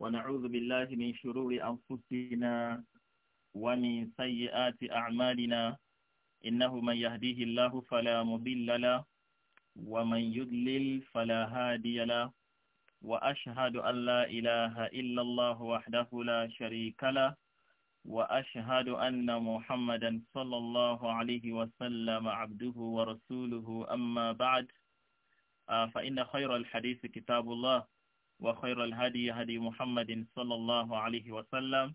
ونعوذ بالله من شرور أنفسنا ومن سيئات أعمالنا إنه من يهديه الله فلا مضل له ومن يضلل فلا هادي له وأشهد أن لا إله إلا الله وحده لا شريك له وأشهد أن محمدا صلى الله عليه وسلم عبده ورسوله أما بعد آه، فإن خير الحديث كتاب الله وخير الهدي هدي محمد صلى الله عليه وسلم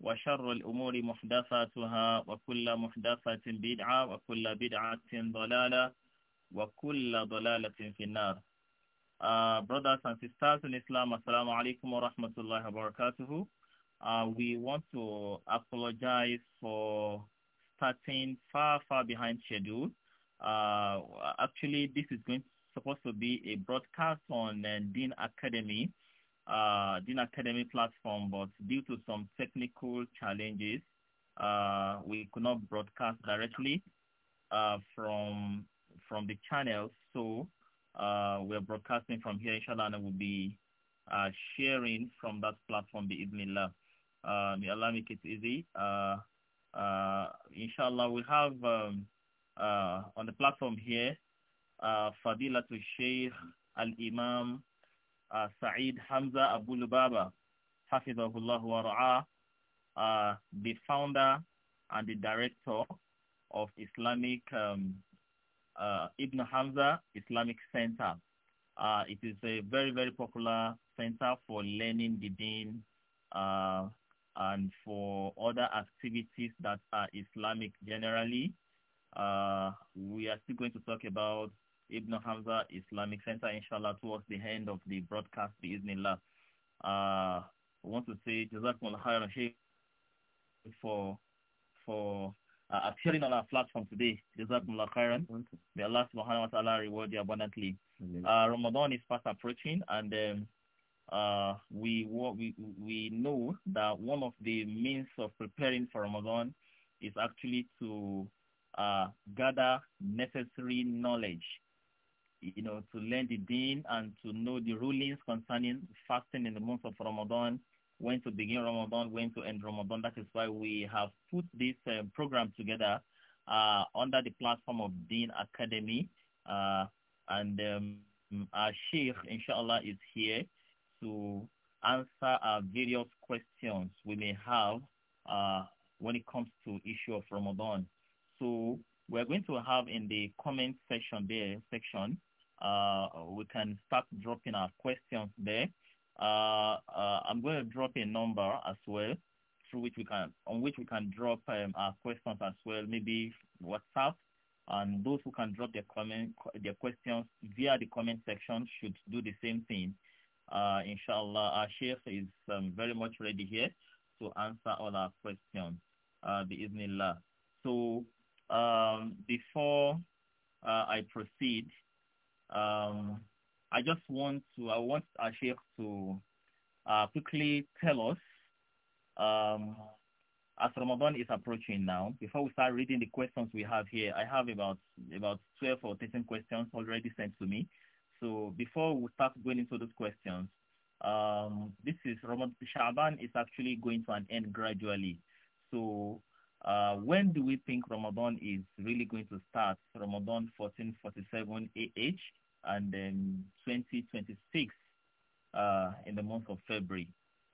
وشر الأمور محدثاتها وكل محدثة بدعة وكل بدعة ضلالة وكل ضلالة في النار Uh, brothers and sisters in Islam, Assalamu alaikum wa rahmatullahi wa barakatuhu. Uh, we want to apologize for starting far, far behind schedule. Uh, actually, this is going supposed to be a broadcast on uh, Dean Academy, uh, Dean Academy platform, but due to some technical challenges, uh, we could not broadcast directly uh, from from the channel. So uh, we're broadcasting from here, inshallah, and we'll be uh, sharing from that platform, bi'idhnillah. Uh, may Allah make it easy. Uh, uh, inshallah, we have um, uh, on the platform here uh, Fadilatul Sheikh Al-Imam uh, Saeed Hamza Abu Lubaba, Hafizahullah wa uh, the founder and the director of Islamic um, uh, Ibn Hamza Islamic Center. Uh, it is a very, very popular center for learning the deen uh, and for other activities that are Islamic generally. Uh, we are still going to talk about Ibn Hamza Islamic Center, inshallah, towards the end of the broadcast, biiznillah. Uh, I want to say Jazakumullah khairan Sheikh for, for uh, appearing on our platform today. Jazakumullah khairan. May Allah subhanahu wa ta'ala reward you abundantly. Uh, Ramadan is fast approaching and um, uh, we, we, we know that one of the means of preparing for Ramadan is actually to uh, gather necessary knowledge you know, to learn the deen and to know the rulings concerning fasting in the month of Ramadan, when to begin Ramadan, when to end Ramadan. That is why we have put this uh, program together uh, under the platform of Deen Academy. Uh, and um, our Sheikh, inshallah, is here to answer our various questions we may have uh, when it comes to issue of Ramadan. So we're going to have in the comment section there, section, uh, we can start dropping our questions there. Uh, uh, I'm going to drop a number as well through which we can on which we can drop um, our questions as well, maybe WhatsApp. And those who can drop their comment their questions via the comment section should do the same thing. Uh, inshallah, our chef is um, very much ready here to answer all our questions. Uh, Bismillah. So um, before uh, I proceed, um, I just want to, I want our to uh, quickly tell us, um, as Ramadan is approaching now, before we start reading the questions we have here, I have about, about 12 or 13 questions already sent to me. So before we start going into those questions, um, this is Ramadan, Shaban is actually going to an end gradually. So uh, when do we think Ramadan is really going to start? Ramadan 1447 AH and then 2026 uh, in the month of February.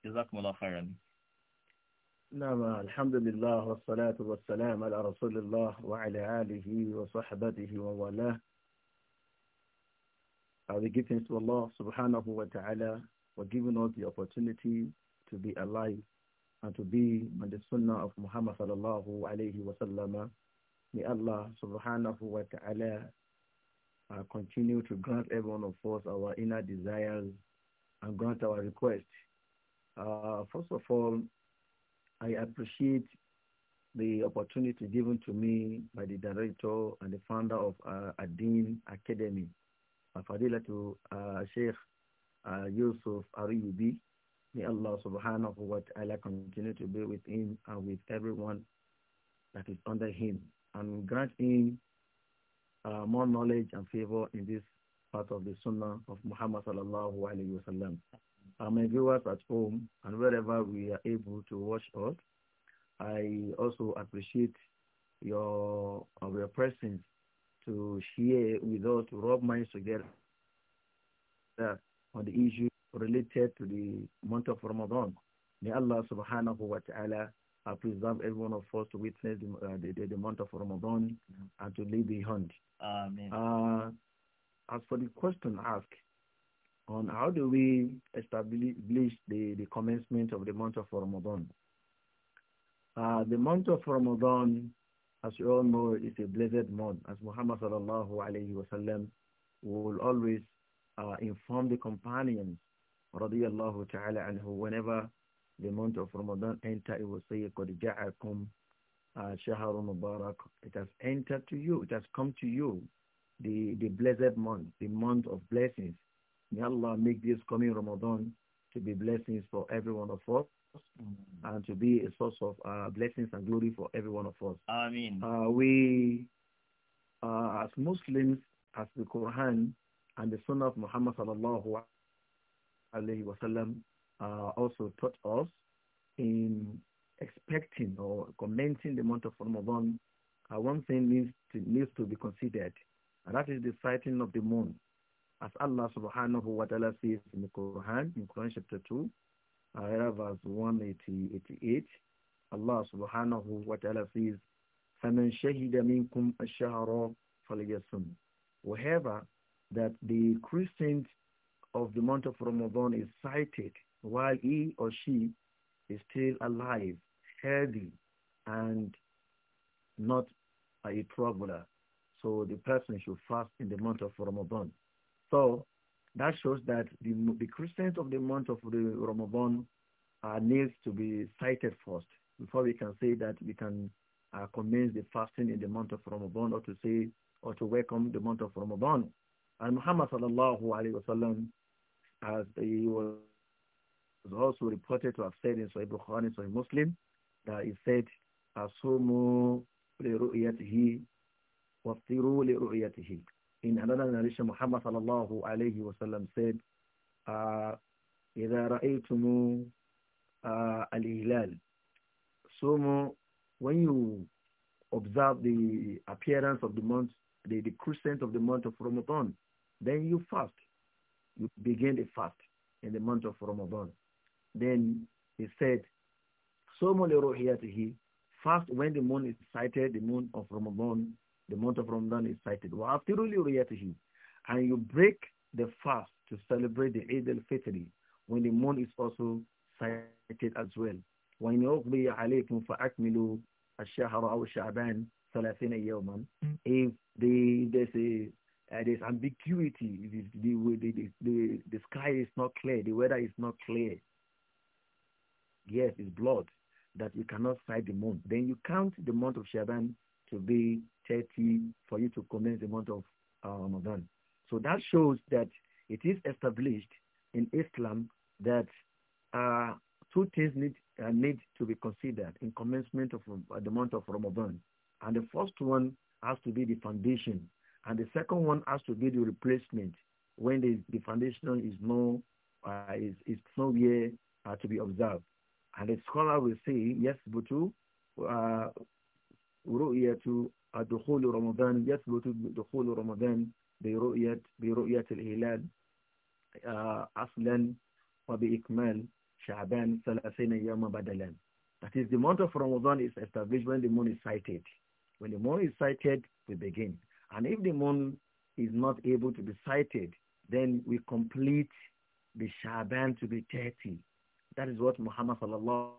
Jazakumullah khairan. نعم الحمد لله والصلاة والسلام على رسول الله وعلى آله وصحبته ووالاه I give thanks to Allah subhanahu wa ta'ala for giving us the opportunity to be alive and to be on the sunnah of Muhammad sallallahu alayhi wa sallam. May Allah subhanahu wa ta'ala uh, continue to grant every one of us our inner desires and grant our request. Uh, first of all, I appreciate the opportunity given to me by the director and the founder of uh, Adin Academy, Fadila to uh, Sheikh uh, Yusuf May Allah subhanahu wa ta'ala continue to be with him and with everyone that is under him and grant him uh, more knowledge and favor in this part of the Sunnah of Muhammad sallallahu alaihi wasallam. Uh, my viewers at home and wherever we are able to watch us, I also appreciate your your presence to share with us, to rub minds together on the issue related to the month of Ramadan. May Allah subhanahu wa ta'ala I preserve every one of us to witness the, uh, the, the, the, month of Ramadan mm-hmm. and to leave behind. Amen. Uh, as for the question asked on how do we establish the, the commencement of the month of Ramadan, uh, the month of Ramadan, as you all know, is a blessed month. As Muhammad sallallahu alayhi wa sallam will always uh, inform the companions, radiallahu ta'ala anhu, whenever the month of Ramadan enter, it will say, قَدْ جَعَكُمْ شَهَرُ مُبَارَكُ It has entered to you, it has come to you, the, the blessed month, the month of blessings. May Allah make this coming Ramadan to be blessings for every one of us mm. and to be a source of uh, blessings and glory for every one of us. I uh, we, uh, as Muslims, as the Quran and the Sunnah of Muhammad sallallahu alayhi wa sallam uh, also taught us in expecting or commencing the month of Ramadan, uh, one thing needs to, needs to be considered, and that is the sighting of the moon. As Allah subhanahu wa ta'ala says in the Quran, in Quran chapter 2, uh, verse 188, Allah subhanahu wa ta'ala says, فَمَنْ شَهِدَ مِنْكُمْ الشَّهَرَ فَلْيَسُمْ Whoever that the crescent of the month of Ramadan is sighted, while he or she is still alive, healthy, and not a traveler. So the person should fast in the month of Ramadan. So that shows that the, the Christians of the month of the Ramadan uh, needs to be cited first before we can say that we can uh, commence the fasting in the month of Ramadan or to say or to welcome the month of Ramadan. And Muhammad sallallahu alaihi wasallam as he was was also reported to have said in Sahih Bukhari, Sahih Muslim, that he said, "Asumu liru'yatihi, waftiru liru'yatihi." In another narration, Muhammad sallallahu alayhi wa sallam said, ah, "Idha ra'aytumu ah, al-hilal, So, When you observe the appearance of the month, the, the crescent of the month of Ramadan, then you fast. You begin the fast in the month of Ramadan. Then he said, Somo li First, when the moon is sighted, the moon of Ramadan, the month of Ramadan is sighted. وَأَفْتِرُوا لِرُؤْيَتِهِ And you break the fast to celebrate the Eid al-Fitr when the moon is also sighted as well. وَإِنْ يُغْضِي عَلَيْكُمْ فَأَكْمِلُوا الشَّهَرَ أَوْ شَعْبَانِ ثَلَاثِينَ يَوْمًا If the, there's, a, uh, there's ambiguity, the, the, the, the, the sky is not clear, the weather is not clear, Yes, it's blood that you cannot sight the month. Then you count the month of Shaban to be 30 for you to commence the month of uh, Ramadan. So that shows that it is established in Islam that uh, two things need, uh, need to be considered in commencement of uh, the month of Ramadan. And the first one has to be the foundation. And the second one has to be the replacement when the, the foundation is no, uh, is, is nowhere uh, to be observed. And the scholar will say, yes, but to رؤية دخول رمضان يثبت دخول رمضان برؤية برؤية الهلال أصلا وبإكمال شعبان ثلاثين يوما بدلا. That is, the month of Ramadan is established when the moon is sighted. When the moon is sighted, we begin. And if the moon is not able to be sighted, then we complete the Shaban to be 30. That is what Muhammad sallallahu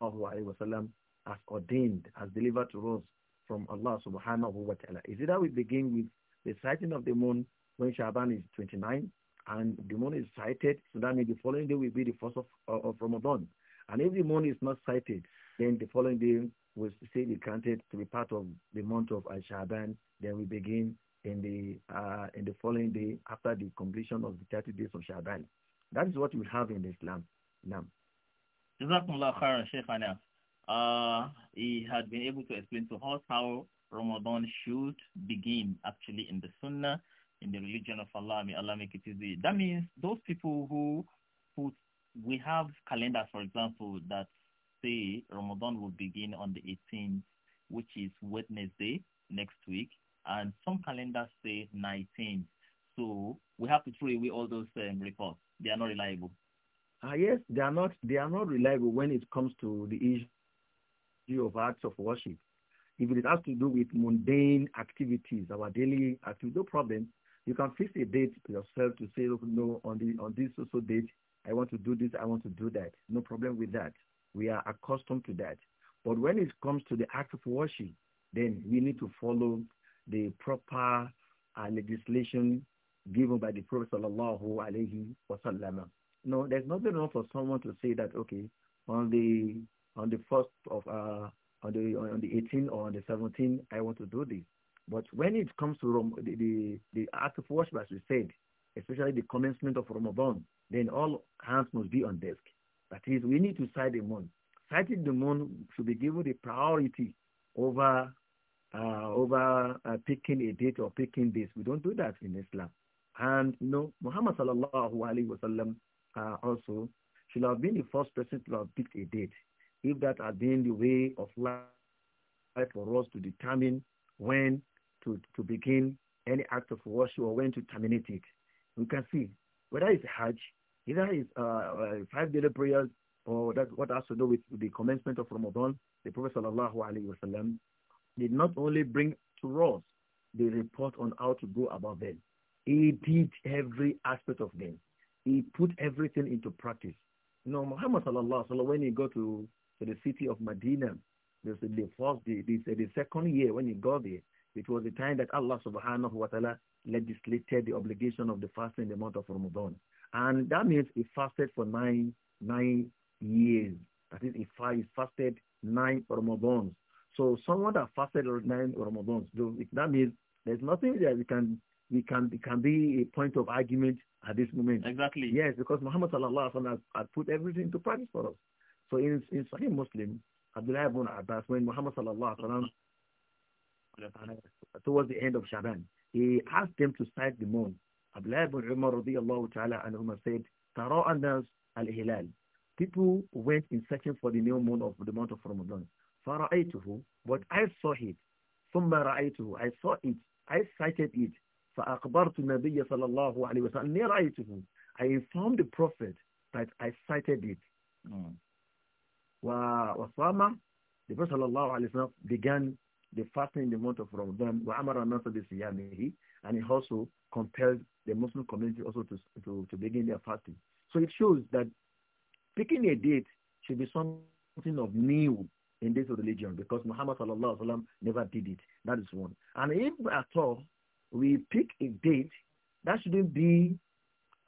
alayhi wa sallam has ordained, has delivered to us from Allah subhanahu wa ta'ala. Is it that we begin with the sighting of the moon when Shaban is 29 and the moon is sighted, so that means the following day will be the first of, uh, of Ramadan. And if the moon is not sighted, then the following day will still be counted to be part of the month of Al-Shaban. Then we begin in the uh, in the following day after the completion of the 30 days of Shaban. That is what we have in Islam. Now. Jazakumullah khairan, Sheikh Anaf. Uh, he had been able to explain to us how Ramadan should begin actually in the Sunnah, in the religion of Allah. May Allah make it easy. That means those people who put, we have calendars, for example, that say Ramadan will begin on the 18th, which is Wednesday next week, and some calendars say 19th. So we have to throw away all those um, reports. They are not reliable. Uh, yes, they are not. They are not reliable when it comes to the issue of acts of worship. If it has to do with mundane activities, our daily activities, no problem. You can fix a date yourself to say, oh, no, on the on this social date, I want to do this, I want to do that. No problem with that. We are accustomed to that. But when it comes to the act of worship, then we need to follow the proper uh, legislation given by the Prophet sallallahu alaihi wasallam. No, there's nothing wrong for someone to say that okay on the on the first of uh, on the on the 18 or on the 17 I want to do this. But when it comes to Rom- the, the the act of worship, as we said, especially the commencement of Ramadan, then all hands must be on desk. That is, we need to sight the moon. Sighting the moon should be given the priority over uh, over uh, picking a date or picking this. We don't do that in Islam. And you know, Muhammad sallallahu alaihi wasallam uh, also should have been the first person to have picked a date, if that had been the way of life for us to determine when to, to begin any act of worship or when to terminate it. We can see whether it's Hajj, either it's uh, uh five daily prayers or that what has to do with the commencement of Ramadan, the Prophet sallallahu alaihi wasallam did not only bring to us the report on how to go about them, he did every aspect of them. He put everything into practice. You know, Muhammad sallallahu alaihi wasallam, when he got to, to the city of Medina, they said the first, the, the, the second year when he got there, it was the time that Allah subhanahu wa ta'ala legislated the obligation of the fasting in the month of Ramadan. And that means he fasted for nine, nine years. That is, he fasted nine Ramadans. So someone that fasted nine Ramadans, that means there's nothing that you can we can it can be a point of argument at this moment. Exactly. Yes, because Muhammad sallallahu alaihi wasallam has put everything into practice for us. So in in Sahih Muslim, Abdullah ibn Abbas, when Muhammad sallallahu alaihi wasallam uh, towards the end of Shaban, he asked them to sight the moon. Abdullah ibn Umar radiallahu ta'ala and Umar said, Tara anas al-hilal. People went in searching for the new moon of the month of Ramadan. Fara'aytuhu, but I saw it. Thumma ra'aytuhu, I saw it. I sighted it. فأخبرت النبي صلى الله عليه وسلم رأيته I informed the prophet that I cited it mm. وصام the prophet صلى الله عليه وسلم began the fasting in the month of Ramadan وأمر الناس بصيامه and he also compelled the Muslim community also to, to, to begin their fasting so it shows that picking a date should be something of new in this religion because Muhammad sallallahu alaihi wasallam never did it. That is one. And if at all we pick a date, that shouldn't be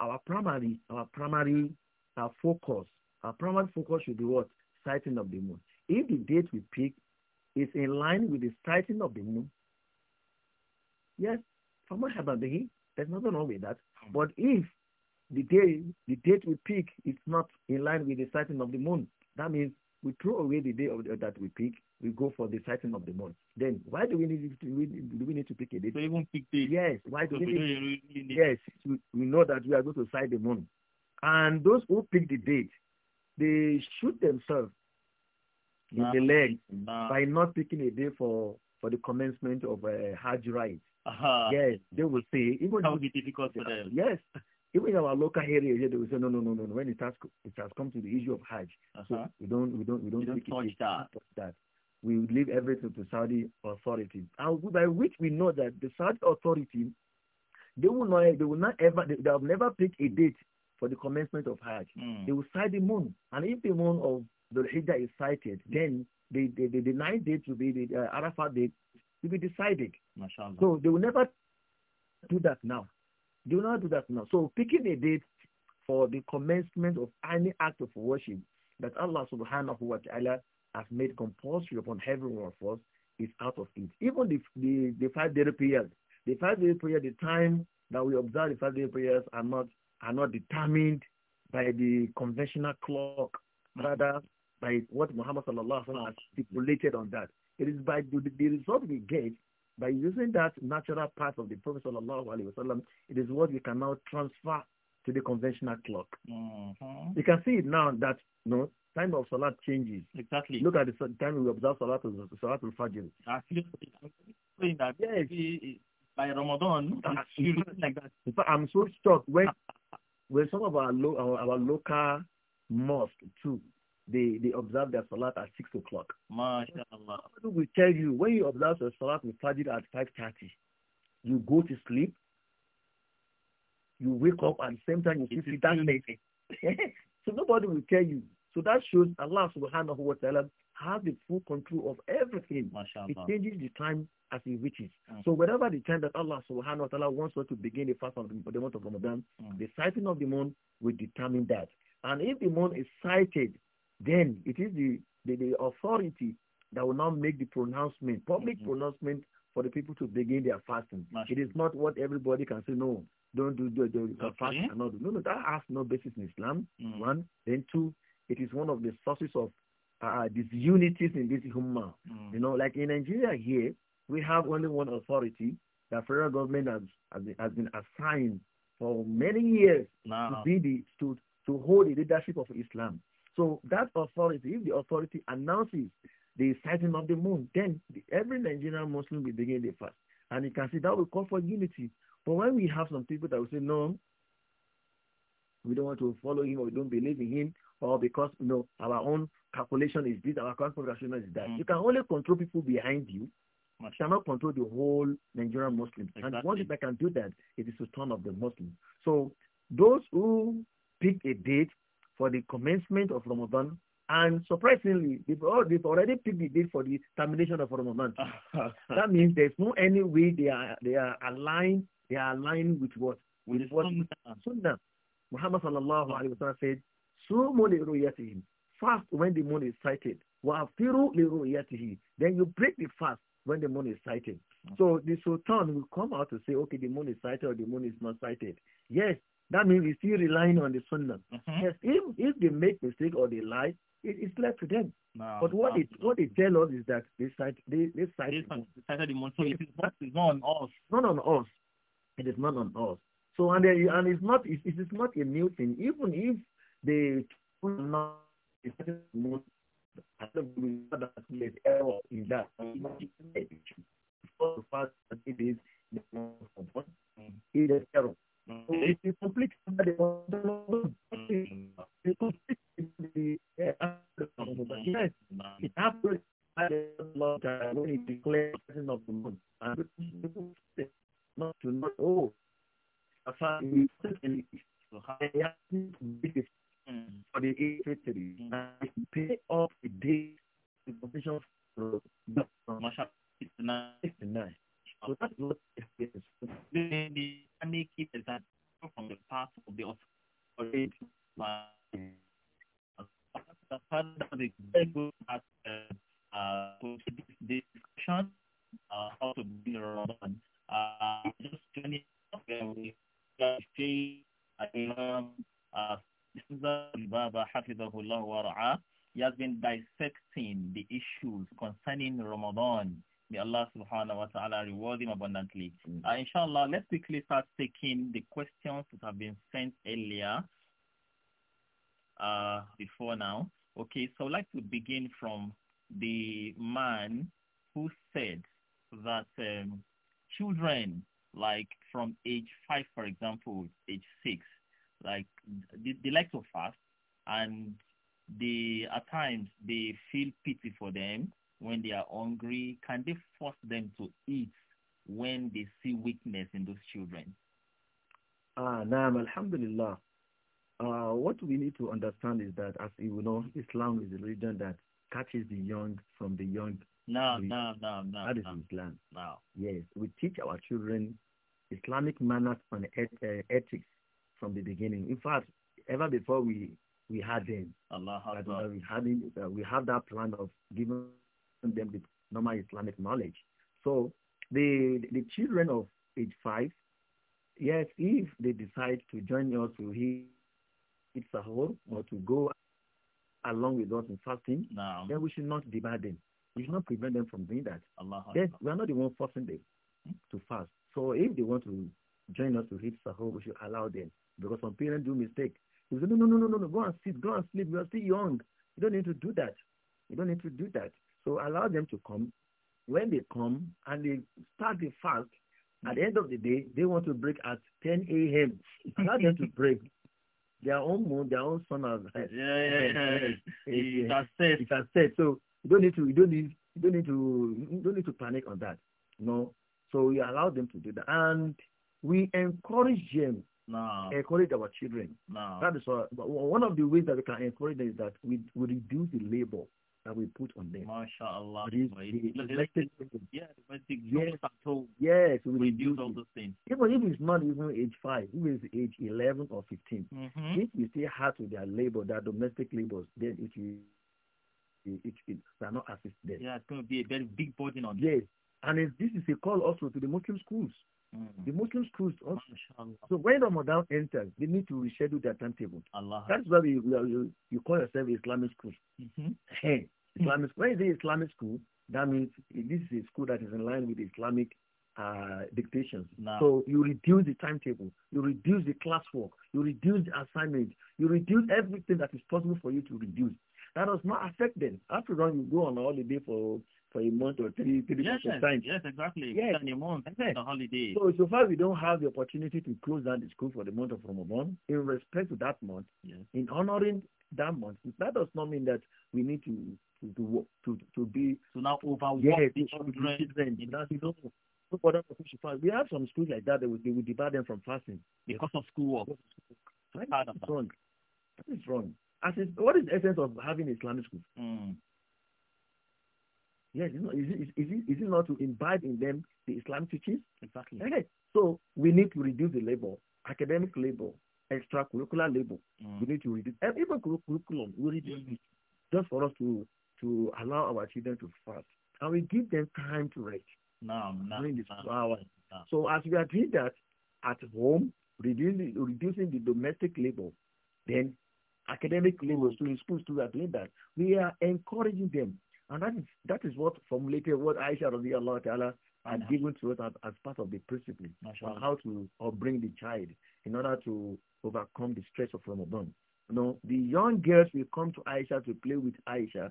our primary, our primary our uh, focus. Our primary focus should be what? Sighting of the moon. If the date we pick is in line with the sighting of the moon, yes, from what happened to there's nothing wrong with that. Hmm. But if the day the date we pick is not in line with the sighting of the moon, that means we throw away the day of the, that we pick. We go for the sighting of the moon. Then why do we need to we, do we need to pick a date? So even pick date. Yes. Why do so we, we need? Really need yes, we, we know that we are going to sight the moon, and those who pick the date, they shoot themselves nah. in the leg nah. by not picking a day for for the commencement of a uh, Hajj rite. Uh -huh. Yes, they will say even that would be difficult for them. Yes. even in our local area here, they will say, no, no, no, no, when it has it has come to the issue of Hajj, uh -huh. so uh-huh. we don't we don't we don't, don't touch it, that. Touch that. We leave everything to Saudi authorities, and by which we know that the Saudi authority, they will not they will not ever they, they have never picked a date for the commencement of Hajj. Mm. They will cite the moon, and if the moon of the Hijjah is cited, then the the, the, the ninth date will be the uh, Arafat date to be decided. Mashallah. So they will never do that now. Do not do that now. So picking a date for the commencement of any act of worship that Allah subhanahu wa ta'ala has made compulsory upon every one of us is out of it. Even the, the, the five-day prayers, the five-day prayer, the time that we observe the five-day prayers are not, are not determined by the conventional clock, rather by what Muhammad sallallahu alaihi wasallam has stipulated on that. It is by the, the result we get by using that natural path of the Prophet sallallahu alaihi wasallam, it is what we can now transfer to the conventional clock. Mm -hmm. You can see it now that you know, time of salat changes. Exactly. Look at the time we observe salat salat al fajr. I'm saying that yes. by Ramadan, ah, like that. I'm so shocked when when some of our lo- our, our local mosque too they, they observe their salat at 6 o'clock. MashaAllah. will tell you, when you observe your salat with Fajr at 5.30, you go to sleep, you wake up at the same time you sleep that lady. so nobody will tell you. So that shows Allah subhanahu wa ta'ala has the full control of everything. It changes the time as it reaches. Mm. So whatever the time that Allah subhanahu wa ta'ala wants us to begin the fast of the month of Ramadan, mm. the sighting of the moon will determine that. And if the moon is sighted then it is the, the, the, authority that will now make the pronouncement, public mm -hmm. pronouncement for the people to begin their fasting. It is not what everybody can say, no, don't do the, the, fasting. No, no, that has no basis in Islam, mm -hmm. one. Then two, it is one of the sources of uh, uh disunities in this human. Mm. You know, like in Nigeria here, we have only one authority that federal government has, has, been, has been assigned for many years to be the, to, to hold the leadership of Islam. So that authority, if the authority announces the sighting of the moon, then the, every Nigerian Muslim will begin the fast. And you can see that will call for unity. But when we have some people that will say, no, we don't want to follow him or we don't believe in him or because, you know, our own calculation is this, our calculation is that. Mm. You can only control people behind you. You cannot control the whole Nigerian Muslim. Exactly. And once they can do that, it is the turn of the Muslims. So those who pick a date for the commencement of Ramadan. And surprisingly, they've, already picked the date for the termination of Ramadan. that means there's no any way they are they are aligned. They are aligned with what with, what Sunnah. Muhammad sallallahu alaihi wasallam said, "Sumu li Fast when the moon is sighted. Wa li Then you break the fast when the moon is sighted. Mm. So the sultan will come out to say, okay, the moon is sighted or the moon is not sighted. Yes, that means we're still relying on the sunnah. Mm -hmm. Yes, if, if they make mistake or they lie, it, it's left to them. No, but what it what they tell us is that they cite they they cite they cited the so it is not, it's not on us. Not on us. It is not on us. So and they, and it's not it, it is not a new thing. Even if they not that there's error in that. It is error. Mm-hmm. If you complete somebody you complete the uh, mm-hmm. yes, it happens by the Lord when he declares the presence of the Lord. And people say not to know, oh, after we certainly have to be mm-hmm. for the eight victory. I pay off the day the position for the Masha 69. So that is what it is. Then the panic is that from the path of the authority. The uh, this discussion, uh, how to be Uh, just turning up He has been dissecting the issues concerning Ramadan May Allah subhanahu wa ta'ala reward him abundantly. Mm. Uh, inshallah, let's quickly start taking the questions that have been sent earlier uh, before now. Okay, so I'd like to begin from the man who said that um, children, like from age five, for example, age six, like they, they like to fast and they at times they feel pity for them when they are hungry? Can they force them to eat when they see weakness in those children? Ah, naam, alhamdulillah. Uh, what we need to understand is that, as you know, Islam is a religion that catches the young from the young. No, we, no, no, no. That is no, Islam. No. Yes, we teach our children Islamic manners and et uh, ethics from the beginning. In fact, ever before we we had them, Allah that, we had uh, we have that plan of giving them with normal Islamic knowledge. So the the children of age five, yes, if they decide to join us to eat sahur or to go along with us in fasting, no. then we should not debar them. We should not prevent them from doing that. Allah yes, we are not the one forcing them to fast. So if they want to join us to eat sahur, we should allow them because some parents do mistake. They say, no, no, no, no, no, go and sit, go and sleep. You are still young. You don't need to do that. You don't need to do that. So allow them to come. When they come and they start the fast, at the end of the day, they want to break at 10 a.m. Allow them to break. Their own moon, their own sun has yeah, yeah, yeah. It has set. It has set. So you don't need to you don't need you don't need to you don't need to panic on that. no. So we allow them to do that. And we encourage them encourage our children. That is what, one of the ways that we can encourage them is that we, we reduce the labor that we put on them. MashaAllah. Yeah, but the yes, are yes, we reduce all those things. Even if it's not even age 5, even it's age 11 or 15, mm -hmm. if you still hard to their labor, their domestic labor, then it will it, it, it not assist them. Yeah, it's going to be a very big burden on them. Yes, and this is a call also to the Muslim schools. Mm. The Muslim schools also. Mashallah. So when Ramadan enters, they need to reschedule their timetable. Allah. That's why you, you, call yourself Islamic schools. Mm -hmm. hey, Mm. Islamic, when is it Islamic school, that means this is a school that is in line with Islamic uh, dictations. No. So you reduce the timetable, you reduce the classwork, you reduce the assignment, you reduce everything that is possible for you to reduce. That does not affect them. After all, you go on a holiday for for a month or three three yes, months time. Yes, exactly. Yes. a month yes. on holiday. So so far we don't have the opportunity to close down the school for the month of Ramadan in respect to that month. Yes. In honoring that month. That does not mean that we need to to to to be to now overwork yes, the children. children. That's no. For them, we have some schools like that. They will, they will debar them from fasting because yes. of schoolwork. That is wrong. That is wrong. As is, what is the essence of having Islamic schools? Mm. Yes, is it, is, it, is it not to imbibe in them the Islamic teachings? Exactly. Okay. So we need to reduce the labor, academic labor, extracurricular labor. Mm. We need to reduce, and even curriculum, we reduce mm. just for us to to allow our children to fast. And we give them time to rest. No, no, during So as we are doing that at home, reducing, reducing the domestic labor, then academic labor, students, schools too are doing that. We are encouraging them. And that is, that is what formulated what Aisha Rabbi Allah Ta'ala are given to us as, as, part of the principle on how to bring the child in order to overcome the stress of Ramadan. You know, the young girls will come to Aisha to play with Aisha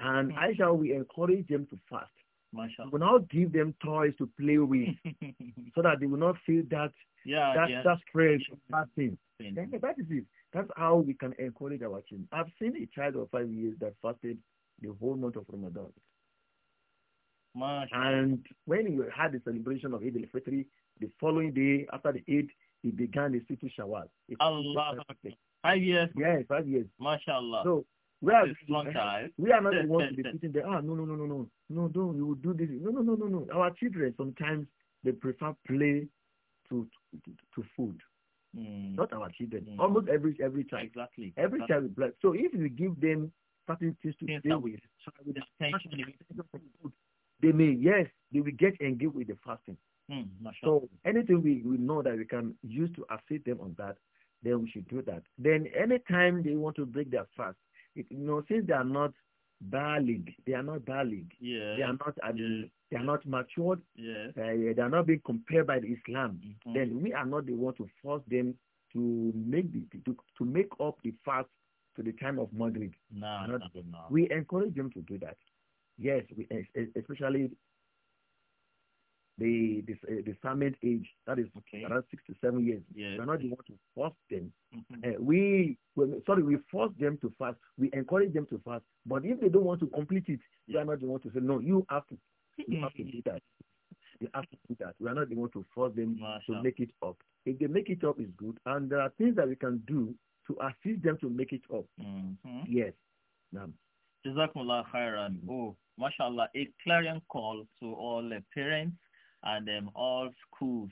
and Aisha, shall we encourage them to fast. Mashallah. We will not give them toys to play with so that they will not feel that yeah, that, yeah. that stress fasting. Then that is it. That's how we can encourage our children. I've seen a child of five years that fasted the whole month of Ramadan. Mashallah. And when we had the celebration of Eid al-Fitr, the following day after the Eid, he began the Situ Shawwal. Allah. Five years. Yes, five years. MashaAllah. So we are, long eh, time. we are not the ones to be sitting there. Ah, no, no, no, no, no, no, don't. You will do this. No, no, no, no, no. Our children sometimes they prefer play to to, to food. Mm. Not our children. Mm. Almost every every child. Exactly. Every exactly. child is So if we give them certain things to yes, play with, with they may yes, they will get engaged with the fasting. Mm, so anything we, we know that we can use to assist them on that, then we should do that. Then anytime they want to break their fast, you know, since they are not balig, they are not balig. Yeah. They are not yeah. they are not matured. Yeah. Uh, they are not being compared by the Islam. Mm -hmm. Then we are not the one to force them to make the to, to make up the fast to the time of Madrid. No, no, no, We encourage them to do that. Yes, we, especially the, the, uh, the summit age, that is okay. around 67 years. We're not the one to force them. Mm-hmm. Uh, we, well, sorry, we force them to fast. We encourage them to fast. But if they don't want to complete it, yeah. we are not the one to say, no, you have to, you have to do that. You have to do that. We are not the one to force them Masha. to make it up. If they make it up, it's good. And there are things that we can do to assist them to make it up. Mm-hmm. Yes. Now, Jazakumullah khairan. Mm-hmm. Oh, mashallah. A clarion call to all uh, parents and um, all schools,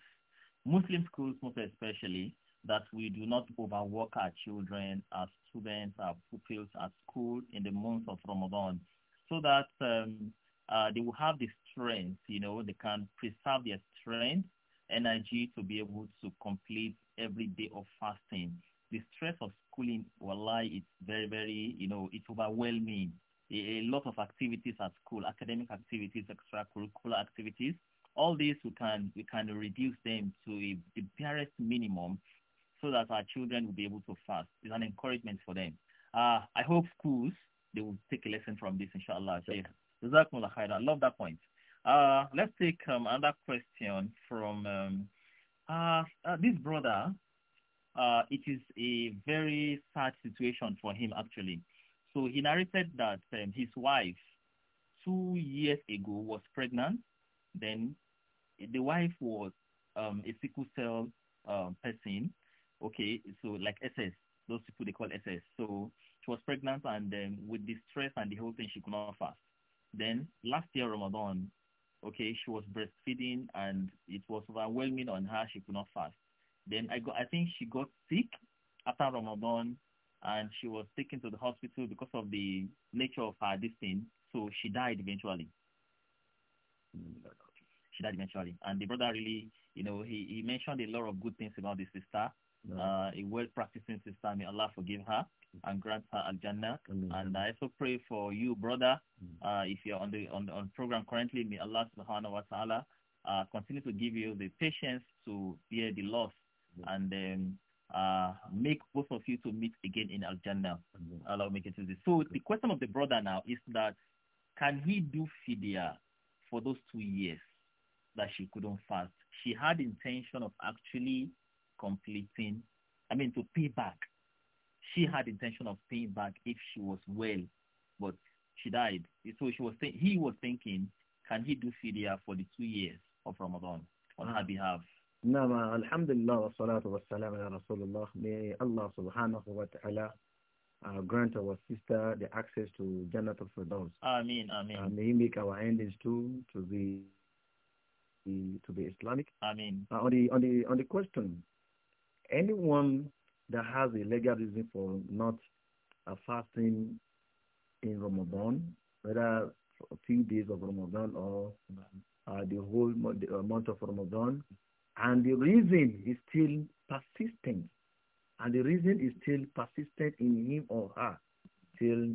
Muslim schools most especially, that we do not overwork our children, our students, our pupils at school in the month of Ramadan, so that um, uh, they will have the strength, you know, they can preserve their strength, energy to be able to complete every day of fasting. The stress of schooling, wallahi, it's very, very, you know, it's overwhelming. a lot of activities at school, academic activities, extracurricular activities, all these we can we can reduce them to a, the barest minimum so that our children will be able to fast. It's an encouragement for them. Uh, I hope schools they will take a lesson from this, inshallah. Sheikh. I love that point. Uh, let's take um, another question from um, uh, uh this brother. Uh, it is a very sad situation for him, actually. So he narrated that um, his wife, two years ago, was pregnant. Then the wife was um, a sickle cell um, person, okay, so like SS, those people they call SS. So she was pregnant and um, with the stress and the whole thing, she could not fast. Then last year Ramadan, okay, she was breastfeeding and it was overwhelming on her. She could not fast. Then I got, I think she got sick after Ramadan and she was taken to the hospital because of the nature of her disease. So she died eventually. Mm, she died eventually. And the brother really, you know, he, he mentioned a lot of good things about the sister, no. uh, a well-practicing sister. May Allah forgive her and grant her al-Jannah. And I also pray for you, brother, mm. uh, if you're on the on, on program currently, may Allah subhanahu wa ta'ala uh, continue to give you the patience to bear the loss and um, uh, make both of you to meet again in Al-Jannah. Allah will make it easy. So the question of the brother now is that can he do fidya for those two years? that she couldn't fast. She had intention of actually completing, I mean, to pay back. She hmm. had intention of paying back if she was well, but she died. So she was th- he was thinking, can he do fidya for the two years of Ramadan on hmm. her behalf? نعم الحمد لله والصلاة والسلام على رسول الله May Allah subhanahu wa ta'ala uh, grant our sister the access to Jannat al-Firdaus. Ameen, ameen. Uh, may he make our endings too to be be to be Islamic. I mean, uh, on the on the on the question, anyone that has a legal reason for not uh, fasting in Ramadan, whether a few days of Ramadan or uh, the whole month, uh, month of Ramadan, and the reason is still persistent, and the reason is still persistent in him or her till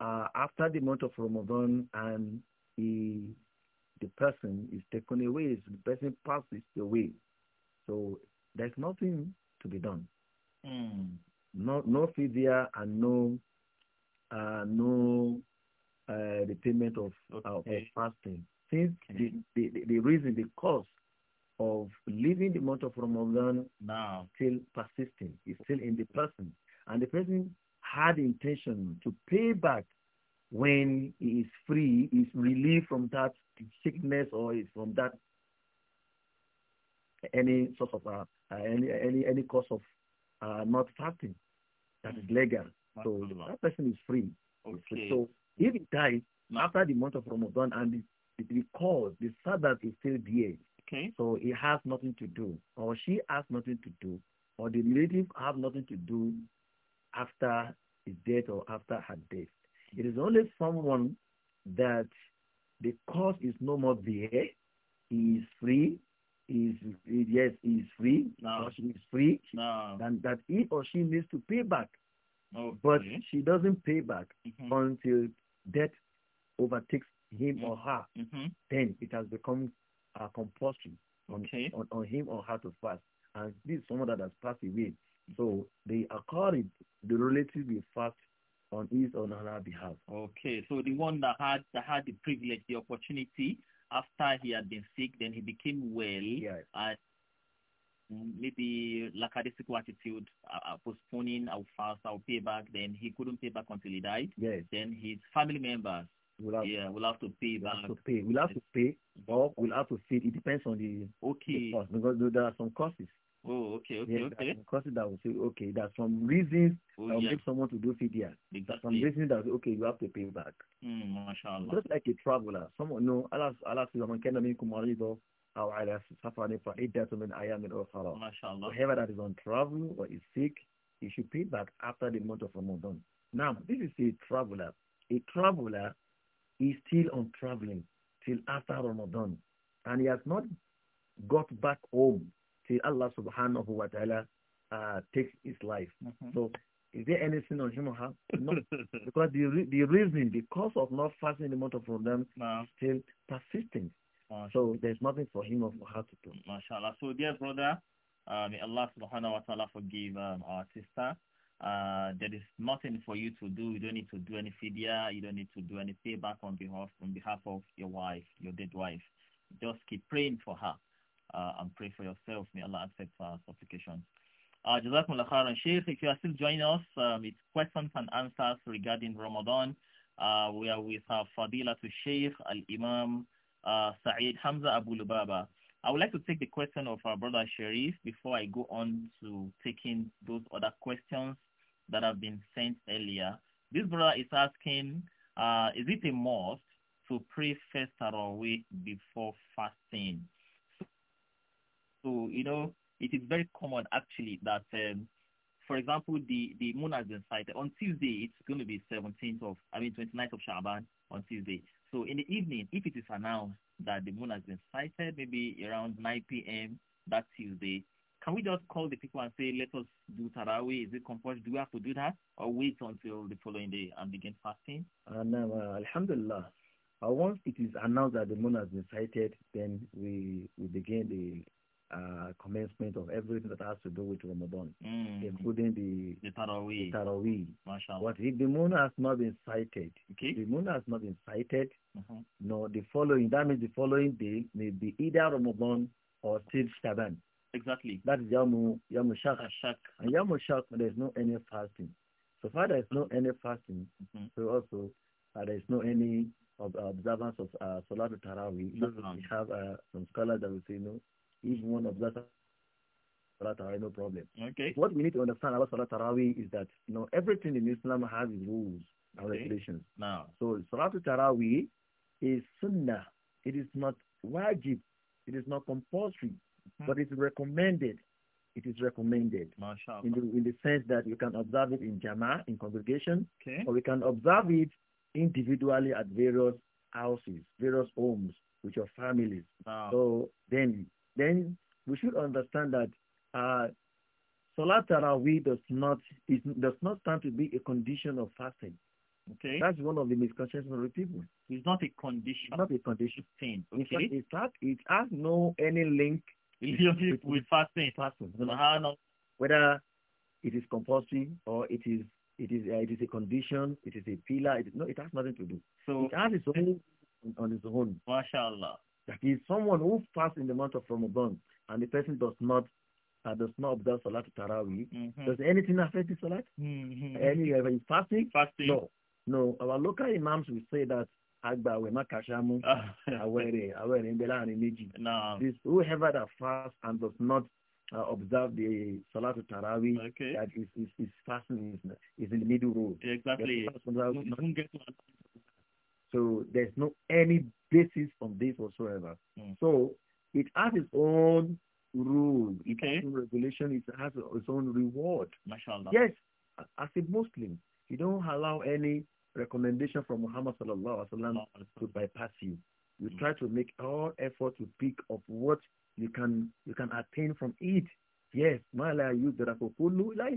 uh, after the month of Ramadan, and he the person is taken away, the person passes away. So there's nothing to be done. Mm. No, no fidya and no, uh, no uh, repayment of, okay. uh, of fasting. Since okay. the, the, the reason, the cause of leaving the month of Ramadan now still persisting is still in the person, and the person had intention to pay back when he is free, is relieved from that sickness or is from that any sort of uh, uh, any any any cause of uh, not fasting that is mm. legal. So that person is free. Okay. So if he dies after the month of Ramadan and the, the cause, the Sabbath is still there. Okay. So he has nothing to do, or she has nothing to do, or the relative have nothing to do after his death or after her death. It is only someone that the cost is no more there. He is free. He is yes, he is free. No. Or she is free. No. And that he or she needs to pay back. Okay. But she doesn't pay back mm -hmm. until debt overtakes him mm -hmm. or mm-hmm. her. Mm -hmm. Then it has become a compulsion on, okay. on, on, him or her to fast. And this is someone that has passed away. So they according the relative fast on his or on our behalf. Okay, so the one that had that had the privilege, the opportunity after he had been sick, then he became well. Yes. Uh, maybe lackadaisical attitude, uh, uh, postponing, I'll fast, I'll pay back. Then he couldn't pay back until he died. Yes. Then his family members. We'll have, yeah, we'll have to pay we'll back. Have to pay. We'll have to pay, or we'll have to see. It depends on the okay the cost, because there are some costs Oh, okay, okay, yes, okay. Because that will say, okay, there's some reasons oh, that will yeah. make someone to do CDR. Exactly. There's some reasons that okay, you have to pay back. Mm, mashallah. Just like a traveler, someone no, Allah, Allah says, "Man kana minkum marido aw ala safarin fa iddatu min ayamin ukhra." Mashallah. Whoever that is on travel or is sick, he should pay back after the month of Ramadan. Now, this is a traveler. A traveler is still on traveling till after Ramadan, and he has not got back home Allah subhanahu wa ta'ala uh, takes his life. Mm-hmm. So is there anything on human heart? No. because the, re the reason, because of not fasting the month of Ramadan, no. still persisting. Mashallah. So there's nothing for him or for her to do. MashaAllah. So dear brother, uh, may Allah subhanahu wa ta'ala forgive um, our sister. Uh, there is nothing for you to do. You don't need to do any fidya. You don't need to do any payback on behalf on behalf of your wife, your dead wife. Just keep praying for her uh, and pray for yourself. May Allah accept our supplications. Uh, Jazakumullah khairan. Sheikh, if you are still joining us, um, it's questions and answers regarding Ramadan. Uh, we are with uh, Fadila to Sheikh Al-Imam uh, Saeed Hamza Abu Lubaba. I would like to take the question of our brother Sharif before I go on to taking those other questions that have been sent earlier. This brother is asking, uh, is it a must to pray first Tarawih before fasting? So, you know, it is very common actually that, um, for example, the, the moon has been sighted. On Tuesday, it's going to be 17th of, I mean, 29th of Shaban on Tuesday. So in the evening, if it is announced that the moon has been sighted, maybe around 9 p.m. that Tuesday, can we just call the people and say, let us do Taraweeh? Is it compulsory? Do we have to do that? Or wait until the following day and begin fasting? Uh, no, uh, alhamdulillah. Uh, once it is announced that the moon has been sighted, then we, we begin the uh, commencement of everything that has to do with Ramadan, mm. including the the Tarawih. The the moon has not been sighted? Okay. The moon has not been sighted. Uh mm-hmm. -huh. No, the following that means the following day may be either Ramadan or still Shaban. Exactly. That is Yamu Yamu Shak. Shak. And Yamu Shak, there is no any fasting. So far, there is no any fasting. Mm -hmm. So also, uh, there is no any of, observance of uh, Salat Tarawih. We have uh, some scholars that will say no even one of that Salat Tarawih, no problem. Okay. What we need to understand about Salat Tarawih is that you know everything in Islam has its rules and okay. regulations. Now, so Salat Tarawih is sunnah. It is not wajib. It is not compulsory, hmm. but it's recommended. It is recommended Mashallah. in the, in the sense that you can observe it in jama, in congregation, okay. or you can observe it individually at various houses, various homes with your families. So then then we should understand that uh, Salat Tarawih does not is, does not stand to be a condition of fasting. Okay. That's one of the misconceptions of people. It's not a condition. It's not a condition. Thing. Okay. it has no any link with, with, with fasting. Fasting. No. Whether it is compulsory or it is it is uh, it is a condition, it is a pillar. no, it has nothing to do. So it has its own on its own. MashaAllah. That is someone who fasts in the month of Ramadan and the person does not uh, does not observe Salat Tarawih. Mm -hmm. Does anything affect the Salat? Mm -hmm. Any uh, fasting? Fasting. No. No. Our local imams will say that agbawe makashamu ah. This whoever that fasts and does not uh, observe the Salat Tarawih okay. that is, is, is fasting is, is in the middle road. Exactly. So there's no any basis on this whatsoever. Mm. So it has its own rule, it okay. its own regulation, it has its own reward. Mashallah. Yes, as a Muslim, you don't allow any recommendation from Muhammad sallallahu alaihi wasallam to bypass you. You mm. try to make all effort to pick up what you can you can attain from it. Yes, mala la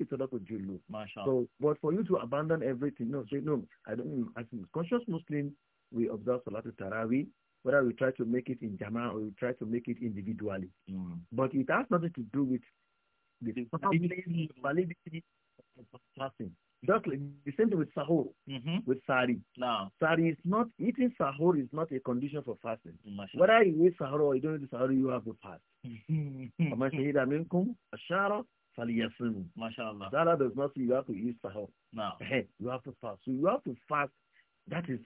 So, but for you to abandon everything, no, say no. I don't. As a conscious Muslim, we observe Salatul Taraweeh, whether we try to make it in Jama'ah or we try to make it individually. Mm. But it has nothing to do with the validity, validity of fasting. Just like the same thing with sahur, mm -hmm. with sari. No. Sari is not, eating sahur is not a condition for fasting. Mm, mashallah. Whether you eat sahur or you don't eat sahur, you have to fast. Mm-hmm. MashaAllah. Zara does not say you have to eat sahur. No. you have to fast. So you have to fast. That is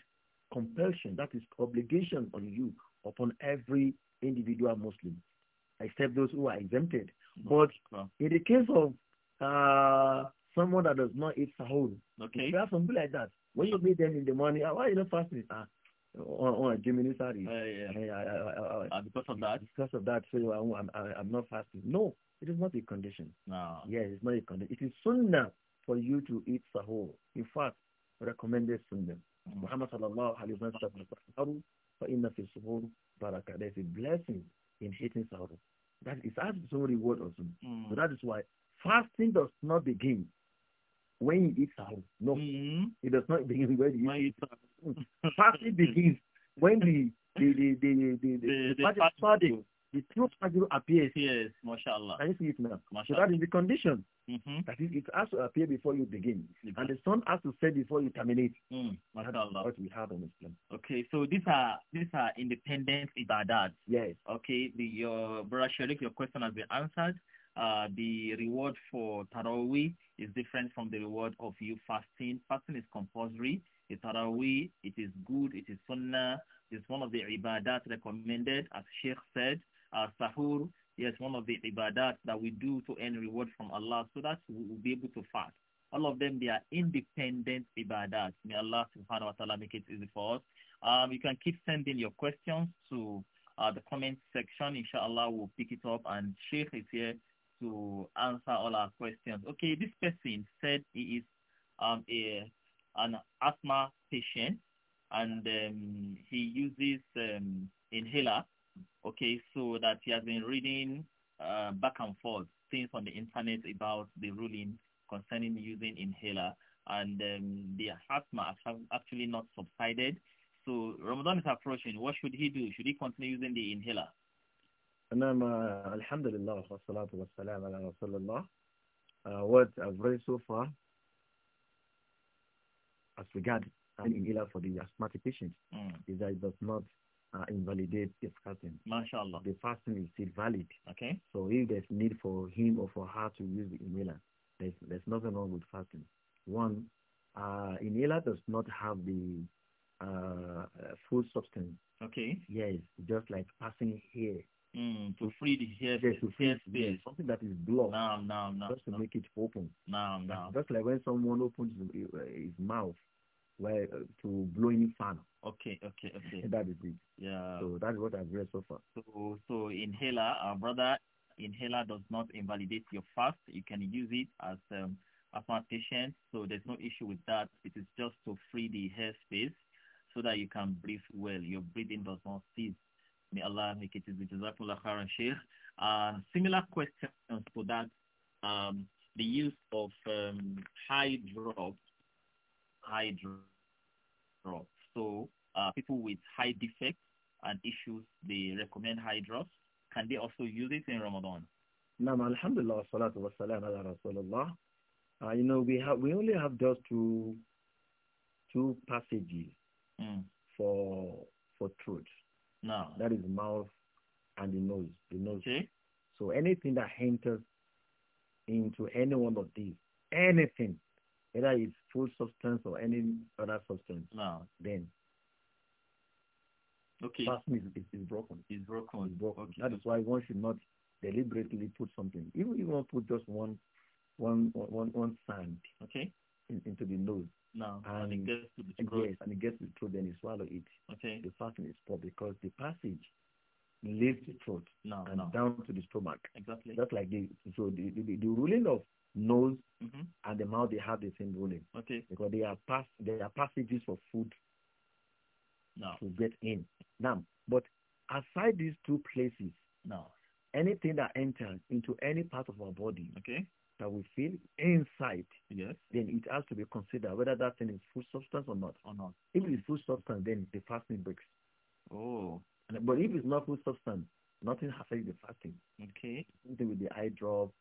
compulsion, that is obligation on you upon every individual Muslim, except those who are exempted. Mm. But in the case of uh, someone that does not eat sahur, okay, you have something like that. When you meet them in the morning, ah, why are you not fasting? on, on a Gemini Uh, yeah. I, I, I, uh, because of that? Because of that, so I'm, I'm, not fasting. No, it is not a condition. No. yeah, it's not a condition. It is sunnah for you to eat sahur. In fact, recommended sunnah. Muhammad sallallahu alayhi wa sallam فَإِنَّ فِي الصُّبُورِ بَرَكَةً There is a blessing in hating sorrow. That is as its reward also. Mm. So that is why fasting does not begin when you eat sorrow. No, mm. it does not begin when you eat sorrow. fasting begins when the the the the the, the, the, the, the, the, the, the, the, the, the the true Fajr appears. Yes, mashallah. see it now. Mashallah. So that is the condition. Mm -hmm. That is, it has to appear before you begin. Mm -hmm. And the sun has to set before you terminate. Mm, mashallah. What we have on Okay, so these are these are independent ibadat. Yes. Okay, the, your brother Sherik, your question has been answered. Uh, the reward for Taraweeh is different from the reward of you fasting. Fasting is compulsory. The Taraweeh, it is good, it is sunnah. It's one of the ibadat recommended, as Sheikh said uh, sahur, yes, one of the ibadat that we do to earn reward from Allah so that we will be able to fast. All of them, they are independent ibadat. May Allah subhanahu wa ta'ala make it easy for us. Um, you can keep sending your questions to uh, the comment section. Inshallah, we'll pick it up and Sheikh is here to answer all our questions. Okay, this person said he is um, a, an asthma patient and um, he uses um, inhaler okay, so that he has been reading uh, back and forth things on the internet about the ruling concerning using inhaler, and um, the asthma has actually not subsided. So Ramadan is approaching. What should he do? Should he continue using the inhaler? نعم الحمد لله والصلاة والسلام على رسول الله what I've read so far as regards an inhaler for the asthmatic patient mm. is that it does not uh, invalidate his fasting. MashaAllah. The fasting is still valid. Okay. So if there's need for him or for her to use the inhaler, there's, there's nothing wrong with fasting. One, uh, inhaler does not have the uh, full substance. Okay. Yes, just like passing hair. Mm, to free the hair, yes, to free hair Something that is blocked. No, no, no. Just to no. make it open. No, no. Just like when someone opens his mouth where uh, to blowing fan. Okay, okay, okay. that is it. Yeah. So that is what I've read so far. So so inhaler, our brother, inhaler does not invalidate your fast. You can use it as um, asthma patient, so there's no issue with that. It is just to free the hair space so that you can breathe well. Your breathing does not cease. May Allah make it easy. Jazakallah khairan, Sheikh. Uh, similar questions to that, um, the use of um, high drops high drops. So uh, people with high defects and issues, they recommend high drops. Can they also use it in Ramadan? Naam, alhamdulillah, salatu wa ala rasulullah. Uh, you know, we have we only have those two two passages mm. for for truth. No. That is mouth and the nose. The nose. Okay. So anything that enters into any one of these, anything whether it's food substance or any other substance. No. Then. Okay. Fasting is, is, broken. It's broken. It's broken. Okay. That is why one should not deliberately put something. Even if one put just one, one, one, one sand. Okay. In, into the nose. No. And, and it gets to the throat. Yes, and it gets to the throat, then you swallow it. Okay. The fasting is poor because the passage leaves the throat no, and no. down to the stomach. Exactly. Just like the so the, the, the ruling of nose, mm -hmm. and the mouth, they have the same ruling. Okay. Because they are pass they are passages for food no. to get in. Now, but aside these two places, no. anything that enters into any part of our body okay. that we feel inside, yes. then it has to be considered whether that thing is food substance or not. Or not. If it is food substance, then the fasting breaks. Oh. And, but if it's not food substance, nothing affects the fasting. Okay. Something with the eye drop,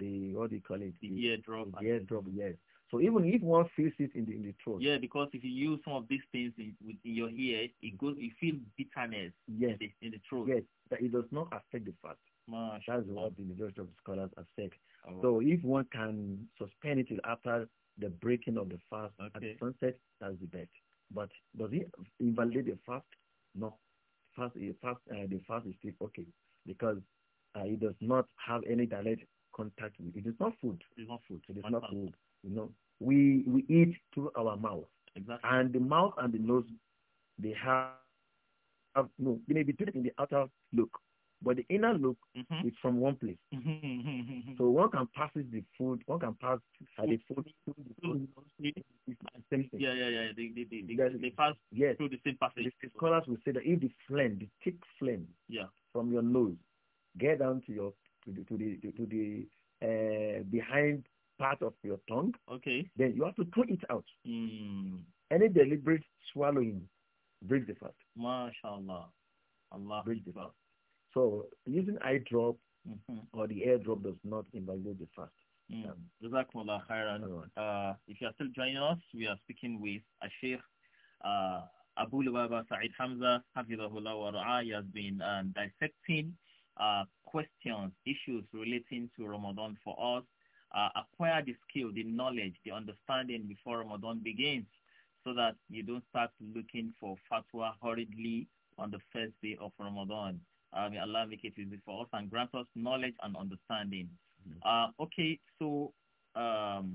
the what do you call it? The, the eardrum. The eardrum, yes. So even if one feels it in the in the throat. Yeah, because if you use some of these things in, in your ear, it goes. You feel bitterness. Yes. In the, in the throat. Yes, but it does not affect the fat. That's what the majority of scholars have said. Oh. So if one can suspend it after the breaking of the fast okay. at sunset, that's the best. But does it invalidate the fast? No. Fast, eh, fast, uh, the fast is still okay because uh, it does not have any direct contact with. It is not food. It is not food. It is not, not food. You know, we we eat through our mouth. Exactly. And the mouth and the nose, they have, have no. They may be treated in the outer look, but the inner look mm -hmm. is from one place. Mm-hmm, mm-hmm, mm-hmm. so one can pass the food. One can pass the food. Through the food. Same thing. Yeah, yeah, yeah. They, they, they, they pass yes. through the same passage. The, scholars will say that if the phlegm, the thick phlegm yeah. from your nose, get down to your to the to the to the uh, behind part of your tongue. Okay. Then you have to throw it out. Mm. Any deliberate swallowing breaks the fast. MashaAllah. Allah. Breaks the fast. So using eye drop mm -hmm. or the air drop does not invalidate the fast. Mm. Um, Uh, if you are still joining us, we are speaking with Ashir uh, Abu Lubaba Saeed Hamza, He has been um, dissecting uh, questions, issues relating to Ramadan for us, uh, acquire the skill, the knowledge, the understanding before Ramadan begins so that you don't start looking for fatwa hurriedly on the first day of Ramadan. Uh, may Allah make it easy for us and grant us knowledge and understanding. Mm -hmm. okay, so um,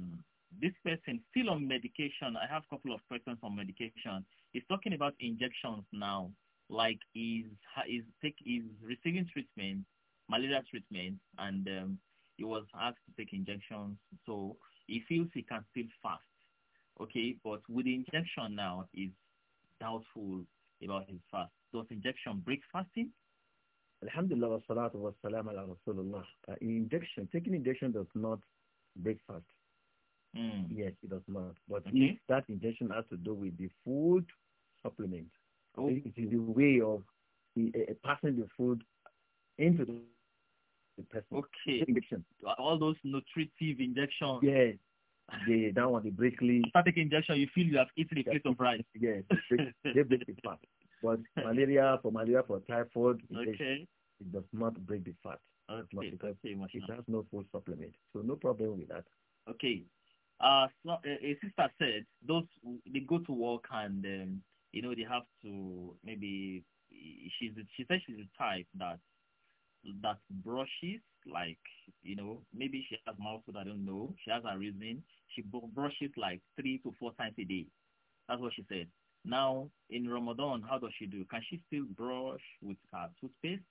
this person still on medication. I have a couple of questions on medication. He's talking about injections now like he's he's take he's receiving treatment, malaria treatment, and um, he was asked to take injections, so he feels he can still fast. Okay, but with the injection now, he's doubtful about his fast. Does injection break fasting? Alhamdulillah, wa salatu wa salam ala Rasulullah. Uh, injection, taking injection does not break fast. Mm. Yes, it does not. But okay. if that injection has to do with the food supplement, it is the way of the, uh, passing the food into the person. Okay. Injection. All those nutritive injections. Yes. The, that one, the Brickley. Static injection, you feel you have eaten a plate of rice. Yes. They break the fat. But malaria, for malaria, for typhoid, okay. it does not break the fast. Okay, because okay, it has no food supplement. So no problem with that. Okay. Uh, so, uh, a sister said those they go to work and um, you know, they have to maybe she's she says she's the type that that brushes like you know maybe she has food I don't know she has a reason she brushes like three to four times a day. That's what she said. Now in Ramadan, how does she do? Can she still brush with her toothpaste?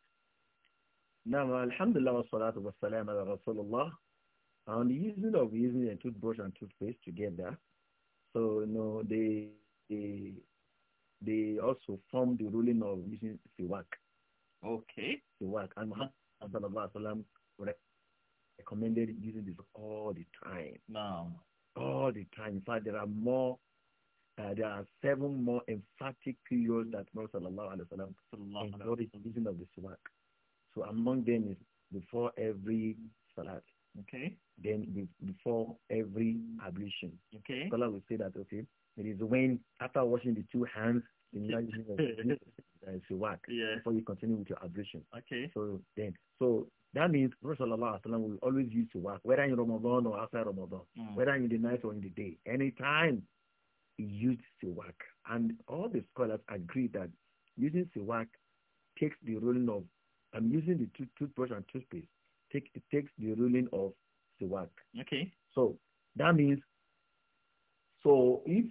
Now, alhamdulillah, wa salatu wa salam rasulullah. On the using of using a toothbrush and toothpaste together, so you know, they they also form the ruling of using siwak. Okay. Siwak. And Muhammad recommended using this all the time. Now. All the time. In fact, there are more, uh, there are seven more emphatic periods that Prophet Sallallahu Alaihi Wasallam encouraged using of the siwak. So among them is before every salat. Okay. Then before every ablution. Okay. Allah will say that, okay, it is when, after washing the two hands, the is siwak yeah. before you continue with your ablution. Okay. So then, so that means Rasulullah will always use to work, whether in Ramadan or outside Ramadan, mm. whether in the night or in the day. Anytime he used work. And all the scholars agree that using siwak takes the ruling of, I'm using the tooth, toothbrush and toothpaste, take, it takes the ruling of siwak. Okay. So that means, so if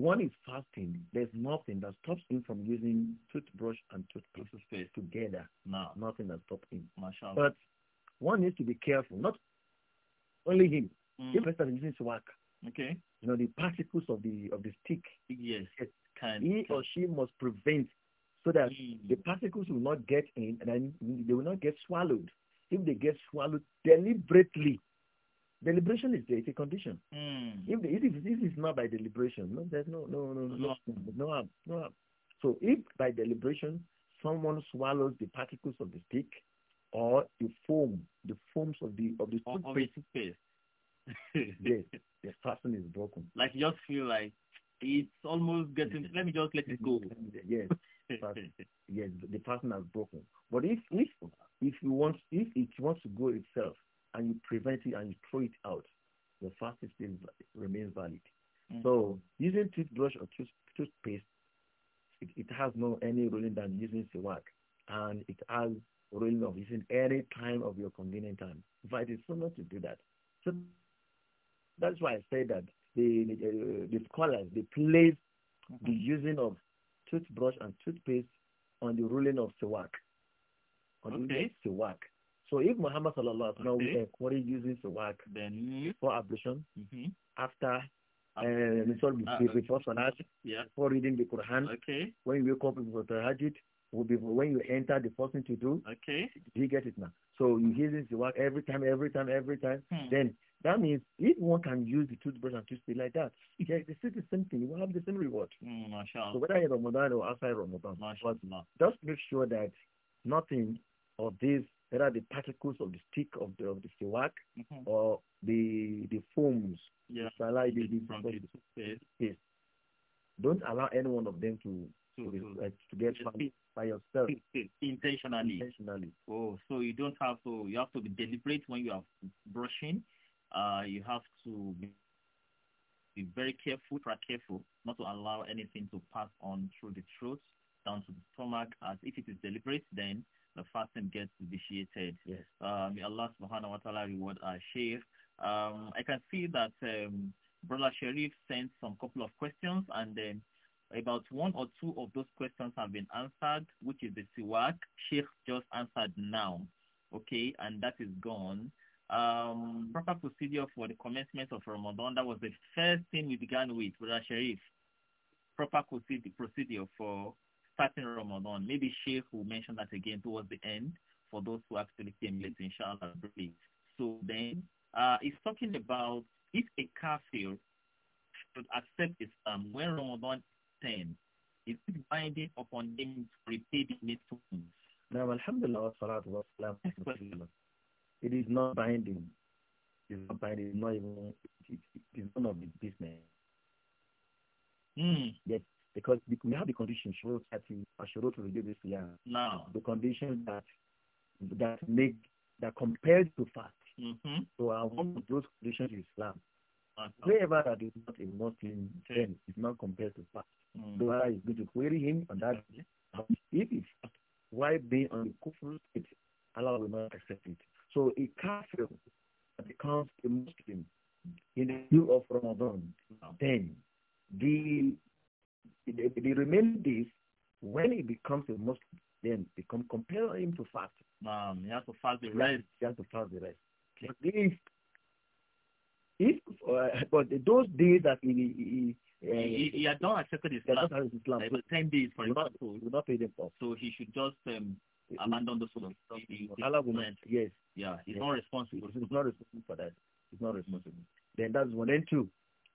one is fasting. There's nothing that stops him from using toothbrush and toothpaste, toothpaste. together. No. Nothing that stops him. Mashallah. But one needs to be careful. Not only him. Mm. If person uses work. Okay. You know, the particles of the of the stick. Yes. yes. Can, he can. or she must prevent so that mm. the particles will not get in and then they will not get swallowed. If they get swallowed deliberately, Deliberation is there. It's a condition. Mm. If, if, if it's not by deliberation, no, there's no no no no no harm, no harm. So if by deliberation someone swallows the particles of the stick or the foam, the foams of the of the or, toothpaste, yes, the fasten is broken. Like you just feel like it's almost getting. let me just let it go. yes, yes, the fasten is broken. But if if if you want if it wants to go itself, and you prevent it and you throw it out, the fasting still remains valid. Mm. So using toothbrush or tooth, toothpaste, it, it, has no any ruling than using siwak, and it has ruling of using any time of your convenient time. But it's so not to do that. So that's why I say that the uh, the scholars they place mm -hmm. the using of toothbrush and toothpaste on the ruling of siwak. On okay. the siwak. So if Muhammad sallallahu alaihi wasallam okay. will eh, encourage using siwak then for ablution mm-hmm. after eh, uh, result uh, before salat, yeah. before reading the Quran, okay. when you wake up before the tahajjud, will be when you enter the first thing to do. Okay. Do you get it now? So you hear this work every time, every time, every time. Hmm. Then that means if one can use the toothbrush and toothpaste like that, yeah, they see the same thing. You will have the same reward. Mm, so whether in Ramadan or outside Ramadan, but just make sure that nothing of this whether the particles of the stick of the of the siwak mm -hmm. or the the foams, yeah. the saliva, the, the, the Don't allow any one of them to to, to, uh, to get by yourself intentionally. Intentionally. Oh, so you don't have to. You have to be deliberate when you are brushing. Uh, you have to be, be very careful, try careful not to allow anything to pass on through the throat down to the stomach. As if it is deliberate, then the fasting gets initiated. Yes. Uh, may Allah subhanahu wa ta'ala reward our sheikh. Um, I can see that um, Brother Sharif sent some couple of questions and about one or two of those questions have been answered, which is the siwak. Sheikh just answered now. Okay, and that is gone. Um, proper procedure for the commencement of Ramadan, that was the first thing we began with, Brother Sharif. Proper procedure for starting Ramadan. Maybe Sheikh will mention that again towards the end for those who actually came late, inshallah, briefly. So then, uh, it's talking about if a kafir should accept Islam when Ramadan 10, is it binding upon him to repeat his sins? Now, alhamdulillah, salatu wa salam. It is not binding. It is not binding. It's not even, it is none of his business. Mm. Yes, because we have the condition shows that you are sure to reduce this year. Now the condition that that make that compared to fast. Mm-hmm. So I want to those conditions is Islam. Uh-huh. that is not a Muslim, then it's not compared to fast. Mm-hmm. So I is going to query him on that. If it's why being on the kufr state, Allah will not accept it. So a kafir becomes a Muslim in the view of Ramadan, then the the, the remaining days, when it becomes a must then become compel him to fast. Um, he has to fast the rest. He has to fast the rest. But if, if uh, but those days that he, he, he, he uh, had not accepted Islam, not Islam it was ten days for example, so he not pay them off. So he should just um, abandon the soul. Yes. Yeah, he's yes. not responsible. He's not responsible for that. He's not responsible. Mm. Then that's one. Then two,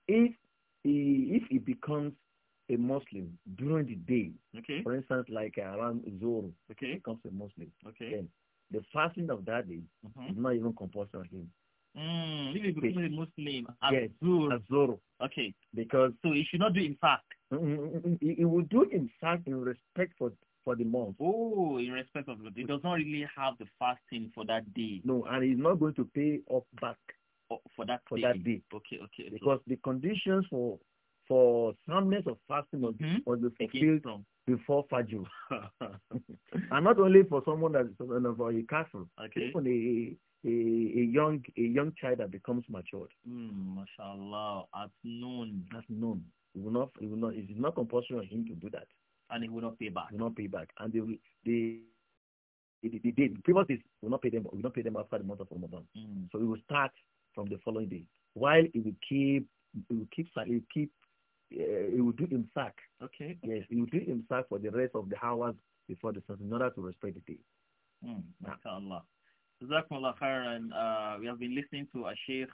if he if he becomes a Muslim during the day, okay. for instance, like uh, around Zoro, okay. becomes a Muslim, okay. then the fasting of that day mm -hmm. is not even compulsory on him. Mm, if he becomes a Muslim, yes, Zoro. Okay. Because so he should not do in fact. Mm, mm, mm, he, he will do in fact in respect for for the month. Oh, in respect of the it does not really have the fasting for that day. No, and he's not going to pay off back oh, for that for day. that day. Okay, okay. Because the conditions for for soundness of fasting must mm -hmm. fulfilled from. before Fajr. and not only for someone that is you know, castle, okay. even a, a, a young a young child that becomes matured. Mm, mashallah, at noon. At noon. It will not. It will not. It is not compulsory on him to do that. And he will not pay back. He will not pay back. And they will. the, the, the previous days will not pay them. Will not pay them after the month of Ramadan. Mm. So it will start from the following day, while it will keep it will keep it will keep he uh, will do imsak. Okay. Yes, he will do imsak for the rest of the hours before the sun in order to respect the day. Mm, Allah. Jazakumullah Uh, we have been listening to a sheikh,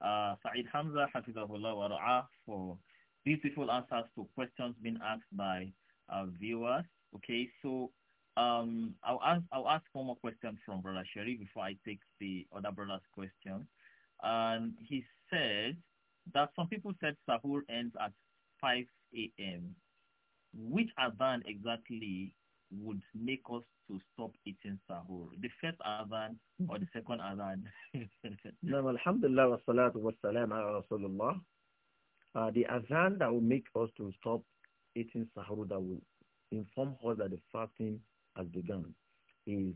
uh, Saeed Hamza, Hafizahullah wa Ra'a, for beautiful answers to questions being asked by uh, viewers. Okay, so um, I'll ask I'll ask one more question from Brother Sherry before I take the other brother's question. And he said that some people said sahur ends at 5 a.m., which adhan exactly would make us to stop eating sahur? The first adhan or the second adhan? no, alhamdulillah wa salatu wa salam ala rasulullah. Uh, the adhan that will make us to stop eating sahur that will inform us that the fasting has begun is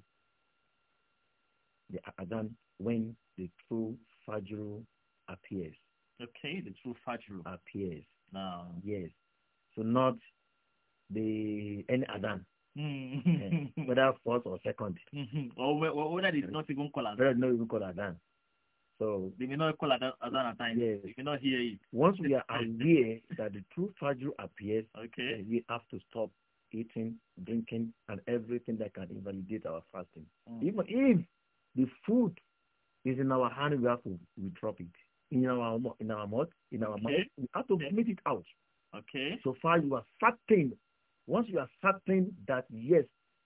the adhan when the true fajr appears. Okay, the true fajr appears. Now, um, yes. So not the any Adan. Mm. yeah, whether first or second. Hmm. or whether it's not even called Adan. not even called Adan. So they may not call Adan, Adan at times. Yes. You cannot hear it. Once we are aware that the true Fajr appears, okay. we have to stop eating, drinking, and everything that can invalidate our fasting. Mm. Even if the food is in our hand, we have to we drop it in our in our mouth, in our okay. mouth. We have to okay. it out. Okay. So far you are certain. Once you are certain that yes,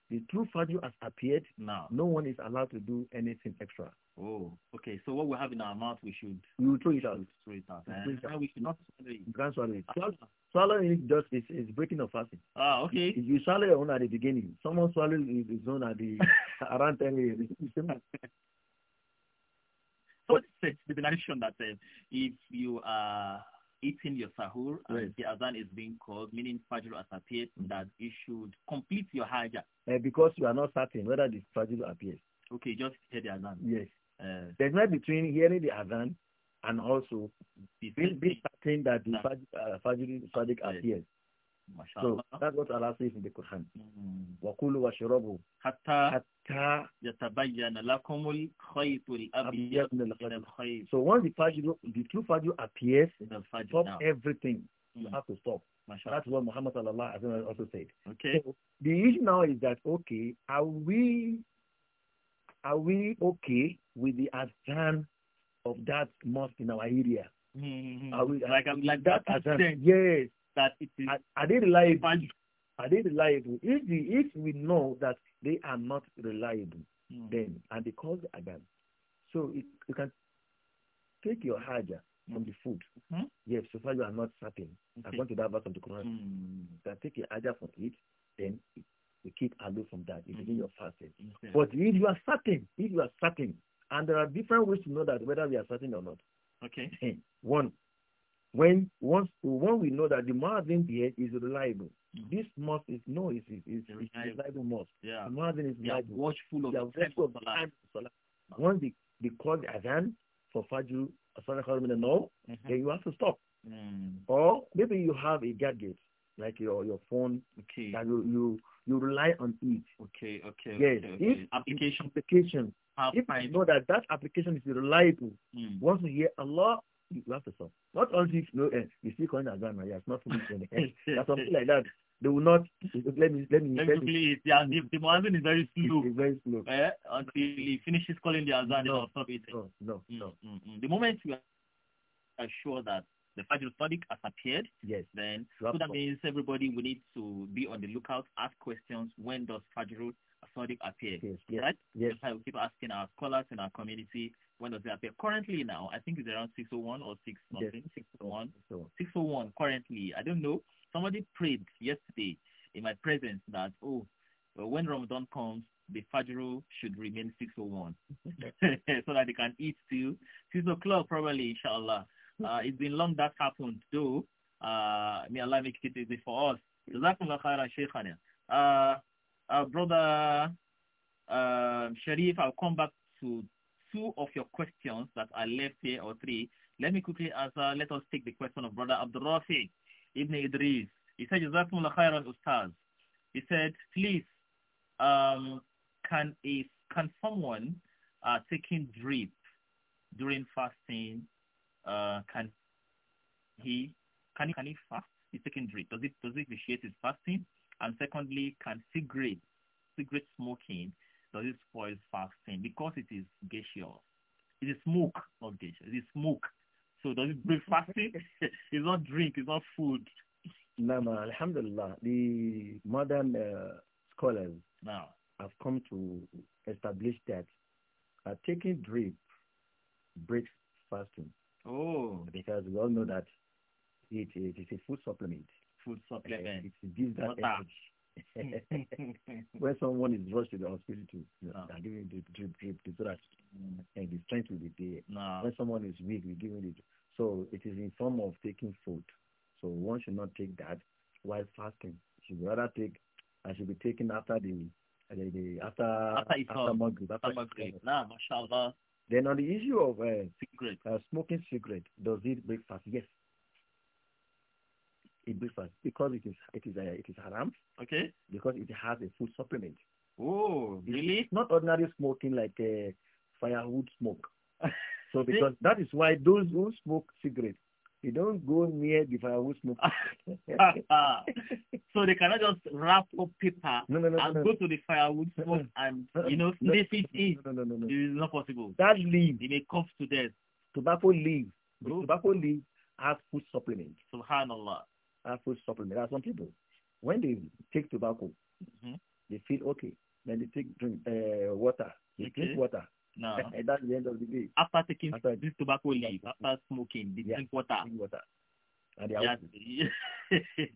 the true value has appeared, now, no one is allowed to do anything extra. Oh, okay. So what we have in our mouth, we should we will throw it out. Throw it out. And, eh? and we should not swallow it. You can't swallow it. Ah. Swallow, swallowing it just is, is breaking of fasting. Ah, okay. If you swallow your own at the beginning, someone swallowing his own at the around 10 years. So it's the narration that says um, if you are eating your sahur right. and the azan is being called, meaning Fajr has appeared, mm -hmm. that you should complete your hajj. Uh, because you are not certain whether the Fajr appears. Okay, just hear the azan. Yes. Uh, There's not between hearing the azan and also be, be certain that the Fajr, uh, Fajr Sadiq appears. So that's what Allah says in the Quran. وَكُلُوا وَشْرَبُوا حَتَّى حَتَّى يَتَبَيَّنَ لَكُمُ الْخَيْطُ الْأَبْيَضُ مِنَ الْخَيْطِ So once the fajr, the true fajr appears, stop everything. You mm. have to stop. Mashallah. That's what Muhammad sallallahu alaihi wasallam also said. Okay. So the issue now is that okay, are we are we okay with the adhan of that mosque in our area? Mm -hmm. Are we like, like that, that adhan? Yes. that it is are, they reliable? Are they reliable? If the, if we know that they are not reliable, mm. then and they cause Adam. So it, you can take your haja from the food. Mm -hmm. Yes, so far you are not certain. Okay. want to that verse of the Quran, mm. you can take your haja from it, then we you keep away from that. mm -hmm. your fasting. Okay. But if you are certain, if you are certain, and there are different ways to know that whether we are certain or not. Okay. One, when once when we know that the margin here is reliable, this must is no, it's it's, it's, it's reliable must. Yeah. Margin is they reliable. watchful of they are watchful of the time Salah. Once they, they call the Adhan for Fajr, Salah Khalimina, no, mm then you have to stop. Mm. Or maybe you have a gadget like your your phone okay. that you you you rely on it. Okay, okay. Yes, okay, okay. If, application. If application. If I know that that application is reliable, mm. once you hear Allah you have to solve. Not until you know end, eh, you still calling Agama, he has not finished any end. something like that. They will not, let me, let me. Basically, yeah, the, the Muazzin is very slow. It's very slow. Eh? Until he finishes calling the Azan, no, they'll stop eating. No, no, mm, no. Mm, mm. The moment you are sure that the Fajr Sadiq has appeared, yes. then so that means everybody will need to be on the lookout, ask questions, when does Fajr Sadiq appear? Yes, yes. Right? Yes. That's why we keep asking our scholars in our community, when does it appear? Currently now, I think it's around 601 or 6 something, yes. 601. 601 currently. I don't know. Somebody prayed yesterday in my presence that, oh, when Ramadan comes, the Fajr should remain 601 so that they can eat till 6 o'clock probably, inshallah. Uh, it's been long that happened though. Uh, may Allah make it easy for us. Jazakumullah khairan, Uh, uh, brother uh, Sharif, I'll come back to two of your questions that are left here, or three. Let me quickly answer. Let us take the question of Brother Abdurrafi Ibn Idris. He said, Jazakumullah khairan, Ustaz. He said, please, um, can a, can someone uh, taking drip during fasting, uh, can he can he, can he fast? He's taking drip. Does it does it vitiate his fasting? And secondly, can cigarette cigarette smoking does it spoil fasting? Because it is gaseous. It is smoke, not gaseous. It is smoke. So does it break fasting? it's not drink. It's not food. No, no, alhamdulillah. The modern uh, scholars now have come to establish that uh, taking drink breaks fasting. Oh. Because we all know that it, it is a food supplement. Food supplement. Uh, it gives that energy. when someone is rushed to the hospital to uh, ah. no. give him the drip, drip, the so mm. and the strength will be there. No. When someone is weak, we give him the So it is in form of taking food. So one should not take that while fasting. Should rather take, I should be taken after the, the, the after after, Maghrib. After, after Maghrib. Nah, mashallah. Then on the issue of uh, cigarette, uh, smoking cigarette, does it break fast? Yes a breakfast because it is it is a, uh, it is haram. Okay. Because it has a food supplement. Oh, really? It's not ordinary smoking like uh, firewood smoke. so because that is why those who smoke cigarettes, they don't go near the firewood smoke. so they cannot just wrap up paper no, no, no, and go to the firewood smoke and you know sniff it in. No, no, no, no. It is not possible. That leaf. It may cough to death. Tobacco leaf. Tobacco leaf has food supplement. Subhanallah food supplement. There are some people, when they take tobacco, mm-hmm. they feel okay. Then they take drink uh, water. They okay. drink water. No. And that's the end of the day. After taking after this tobacco leaf, after smoking, they yeah, drink water. Drink water. And they yeah.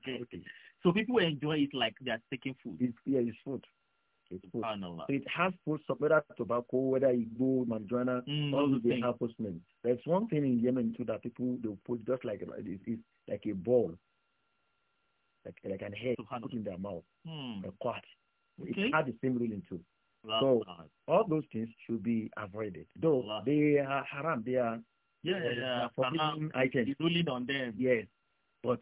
okay. So people enjoy it like they are taking food. It's, yeah, it's food. It's food. So it has food, supplement. whether tobacco, whether it be marijuana, mm, all the they There's one thing in Yemen too that people they put just like it's, it's like a ball like like an hair put in their mouth, hmm. a quart. Okay. It had the same ruling too. so all those things should be avoided. Though they are haram, they are yeah, yeah, yeah. Uh, forbidden items. It's ruling on them. Yes, but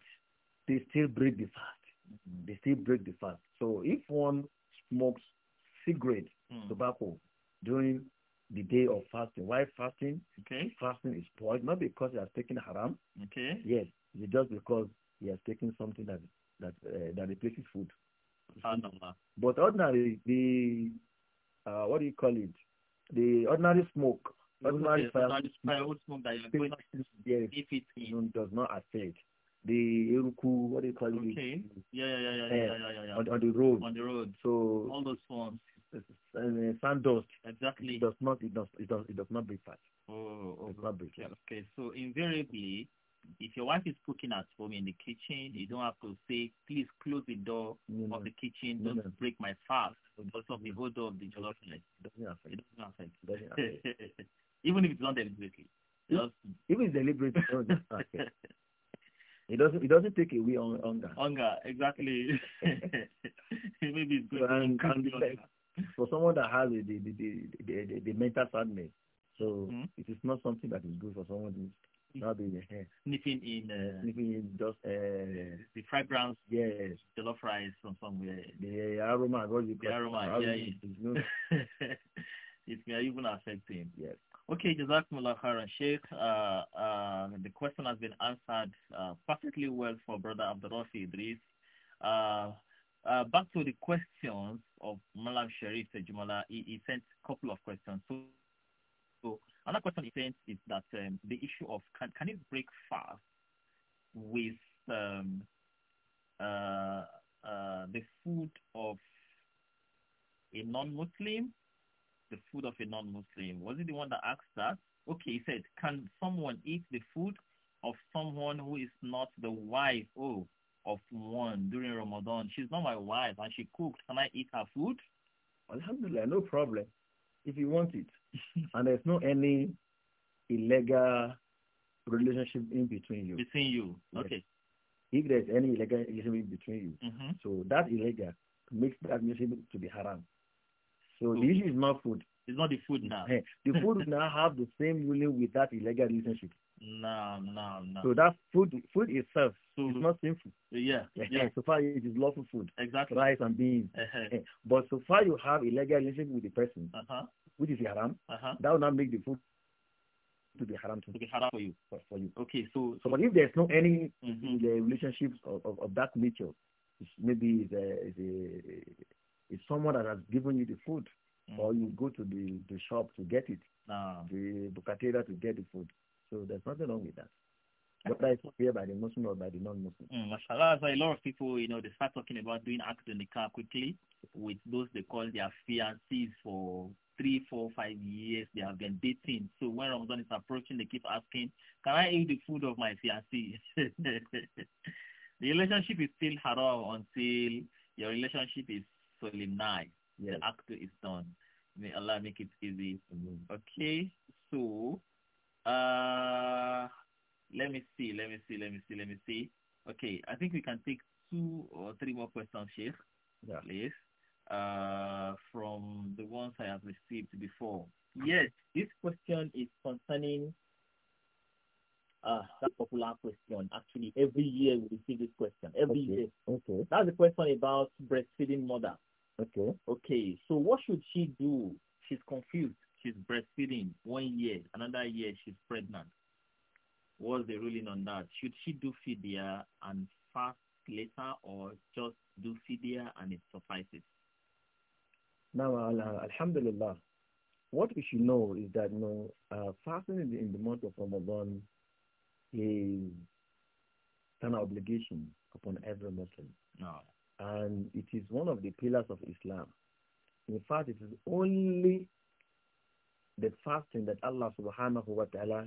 they still break the fast. Mm -hmm. They still break the fast. So if one smokes cigarette, mm. tobacco during the day of fasting, why fasting? Okay. Fasting is spoiled not because he has taken haram. Okay. Yes, it's just because he has taken something that that uh, that replaces food. Ah, but ordinary, the uh, what do you call it? The ordinary smoke, ordinary fire, smoke that you're going to yes, if it does not affect the eruku. What do you call okay. it? Okay. Yeah, yeah, yeah, yeah, eh, yeah, yeah, yeah. On, on the road. On the road. So all those forms. Uh, sand dust. Exactly. It does not. It does. It does. It does not break fast. Oh, oh, okay. Not break okay. So invariably, if your wife is cooking at home in the kitchen, you don't have to say, please close the door mm of the kitchen, don't mm break my fast because of the whole door of the jollof rice. Doesn't affect. It doesn't affect. Even if it's not deliberately. Just... Even if it's deliberately, it doesn't affect. It doesn't. It doesn't take away on hunger. Hunger, exactly. Maybe it's good. and, and like, for someone that has the the the, the, the, the mental sadness, so mm-hmm. it is not something that is good for someone rubbing your hair, sniffing in, uh, sniffing in just uh, the fragrance, yes, the love fries from somewhere, the aroma, what you call the aroma, yeah, it, it's no. it may even affect him. Yes. Okay, Jazakumullah khairan, Sheikh. Uh, uh, the question has been answered uh, perfectly well for Brother Abdurrafi Idris. Uh, uh, back to the questions of Malam Sharif Jumala, he, he sent a couple of questions. So, so Another question is sent is that um, the issue of can, can it break fast with um, uh, uh, the food of a non-Muslim? The food of a non-Muslim. Was it the one that asked that? Okay, he said, can someone eat the food of someone who is not the wife oh, of one during Ramadan? She's not my wife and she cooked. Can I eat her food? Alhamdulillah, no problem if you want it. and there's no any illegal relationship in between you. Between you, yes. okay. If there's any illegal relationship between you, mm -hmm. so that illegal makes that music to be haram. So okay. the issue is not food. It's not the food now. Eh, the food now have the same ruling with that illegal relationship. No, no, no. So that food, food itself so, is not sinful. Yeah, eh, yeah. Eh, so far it is lawful food. Exactly. Rice and beans. Uh-huh. But so far you have illegal relationship with the person. Uh -huh which is haram, uh-huh. that will not make the food to be haram to, be haram for you. For, for you. Okay, so, so but if there's no any mm -hmm. relationships of, of, of, that nature, maybe it's, it's, it's, someone that has given you the food, mm -hmm. or mm-hmm. you go to the, the shop to get it, ah. the bukateria to get the food. So there's nothing wrong with that. Whether it's fear by the Muslim or by the non-Muslim. Mm, mashallah, so a lot of people, you know, they start talking about doing acts in the car quickly with those they call their fiancés for three, four, five years they have been dating. So when Ramadan is approaching, they keep asking, can I eat the food of my fiancé? the relationship is still haram until your relationship is solemnized. Yes. The act is done. May Allah make it easy. Mm -hmm. Okay, so uh, let me see, let me see, let me see, let me see. Okay, I think we can take two or three more questions, Sheikh, yeah. please uh, from the ones I have received before. Yes, this question is concerning uh, popular question. Actually, every year we receive this question. Every okay. year. Okay. That's a question about breastfeeding mother. Okay. Okay. So what should she do? She's confused. She's breastfeeding one year. Another year she's pregnant. What's the ruling on that? Should she do fidya and fast later or just do fidya and it suffices? Now, Alhamdulillah, what we should know is that you know, uh, fasting in the, in the, month of Ramadan is an obligation upon every Muslim. No. And it is one of the pillars of Islam. In fact, it is only the fasting that Allah subhanahu wa ta'ala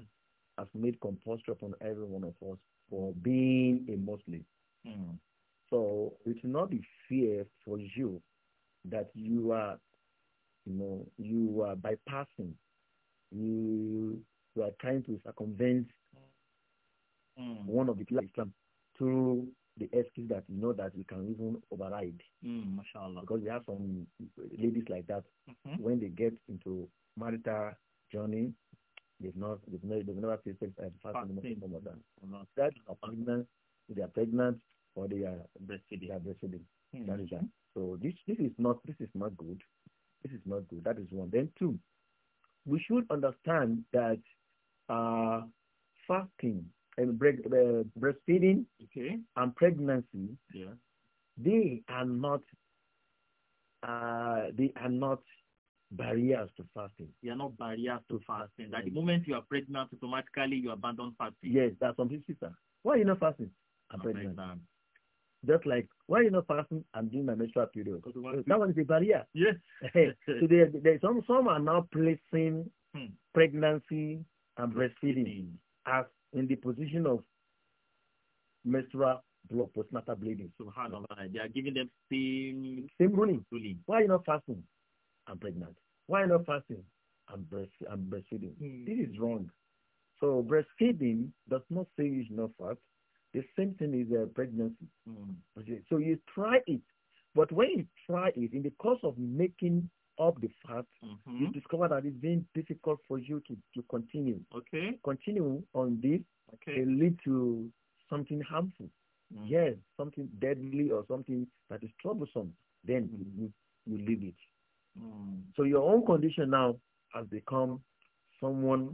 has made compulsory upon every one of us for being a Muslim. Mm. So it will not be fear for you that you are, you know, you are bypassing. You you are trying to circumvent mm. one of the pillars of Islam through the excuse that you know that you can even override. Mm, mashallah. Because we have some ladies like that. Mm -hmm. When they get into marital journey, they've not they've never they've never faced sex and fasting more than that. That they are pregnant or they are breastfeeding. They are breastfeeding. Mm. That is that. So this this is not this is not good. This is not good. That is one. Then two, we should understand that uh, fasting and break, uh, breastfeeding okay. and pregnancy, yeah. they are not uh, they are not barriers to fasting. They are not barriers to, fasting. That the moment you are pregnant, automatically you abandon fasting. Yes, that's something, sister. Why are you not fasting? I'm, I'm pregnant. pregnant. Just like, why are you not fasting? I'm doing my menstrual period. That one is a barrier. Yes. so there, there, some, some are now placing hmm. pregnancy and breastfeeding as in the position of menstrual blood, postnatal bleeding. Subhanallah. on they are giving them same same ruling. ruling. Why are you not fasting? I'm pregnant. Why are you not fasting? I'm breast I'm breastfeeding. Hmm. This is wrong. So breastfeeding does not say you should not fast. The same thing is a uh, pregnancy. Mm. Okay. So you try it, but when you try it, in the course of making up the fat, mm -hmm. you discover that it's been difficult for you to, to continue. Okay. Continue on this okay. can lead to something harmful. Mm. Yes, something deadly or something that is troublesome. Then mm. you, you leave it. Mm. So your own condition now has become someone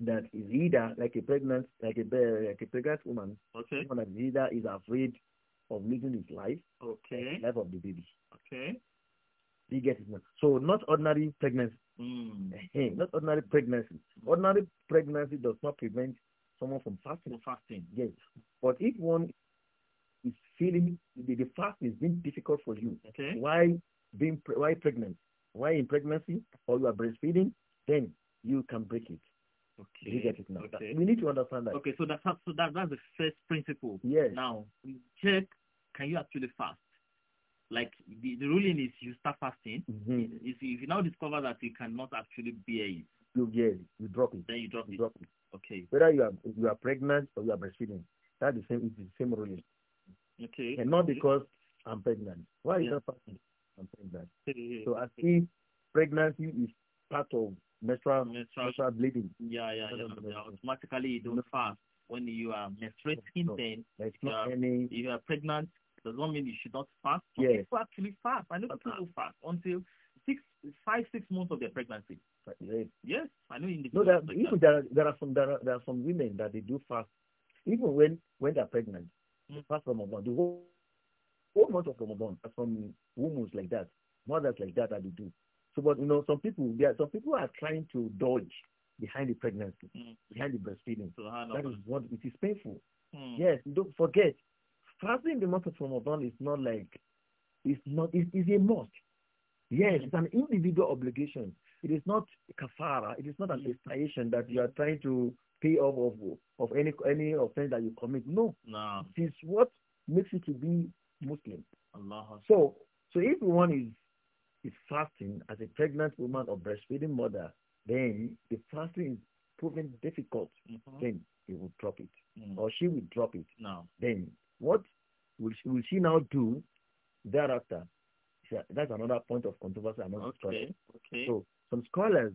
that is either like a pregnant, like a like a pregnant woman, okay, someone that is either is afraid of losing his life, okay, life of the baby, okay. he gets it So not ordinary pregnancy, mm. not ordinary pregnancy. Ordinary pregnancy does not prevent someone from fasting. From fasting, yes. But if one is feeling the, the fast is being difficult for you, okay, why being why pregnant, why in pregnancy or you are breastfeeding, then you can break it. Okay. You get it now. Okay. We need to understand that. Okay, so that's so that that's the first principle. Yes. Now check can you actually fast? Like the, the ruling is you start fasting. Mm -hmm. If, you, if you now discover that you cannot actually bear it, you bear it. You drop it. Then you drop, you it. drop it. Okay. Whether you are you are pregnant or you are breastfeeding, that is the same. It's the same ruling. Okay. And not because I'm pregnant. Why yeah. is that fasting? I'm pregnant. so I see pregnancy is part of menstrual, menstrual, menstrual bleeding. Yeah, yeah, yeah. Automatically, you don't fast when you are menstruating. No, then if you any... if you are pregnant, does not mean you should not fast. Some yes. people actually fast. I know people uh, who fast until six, five, six months of their pregnancy. Yes, yes I know. No, there, like even there are, there are some there are, there are some women that they do fast even when when they're pregnant. Mm. They fast Ramadan. The whole whole month of Ramadan. Some women like that, mothers like that that they do. So, but you know, some people, there, some people are trying to dodge behind the pregnancy, mm. behind the breastfeeding. So, that is what it is painful. Mm. Yes, don't forget, fasting the month of Ramadan is not like it's not it is a must. Yes, hmm. it's an individual obligation. It is not kafara. It is not an hmm. expiation that you are trying to pay off of of any any offense that you commit. No, no. It is what makes you to be Muslim. Allah. So so if one is is fasting as a pregnant woman or breastfeeding mother, then the fasting is proven difficult, mm -hmm. then he will drop it mm. or she will drop it. No. Then what will she, will she now do thereafter? That's another point of controversy among okay. scholars. Okay. So some scholars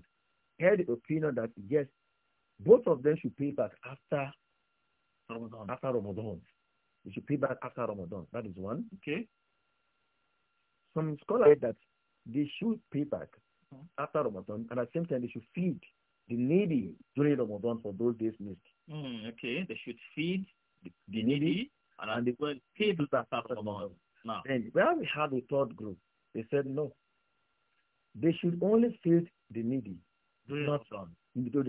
had the opinion that yes, both of them should pay back after Ramadan. After Ramadan, you should pay back after Ramadan. That is one. Okay. Some scholars said that they should pay back hmm. after Ramadan, and at the same time, they should feed the needy during Ramadan for those days missed. Mm, okay, they should feed the, the needy, needy, and, and they will pay back after Ramadan. Now. Then, where we had a third group, they said no. They should only feed the needy, during not Ramadan.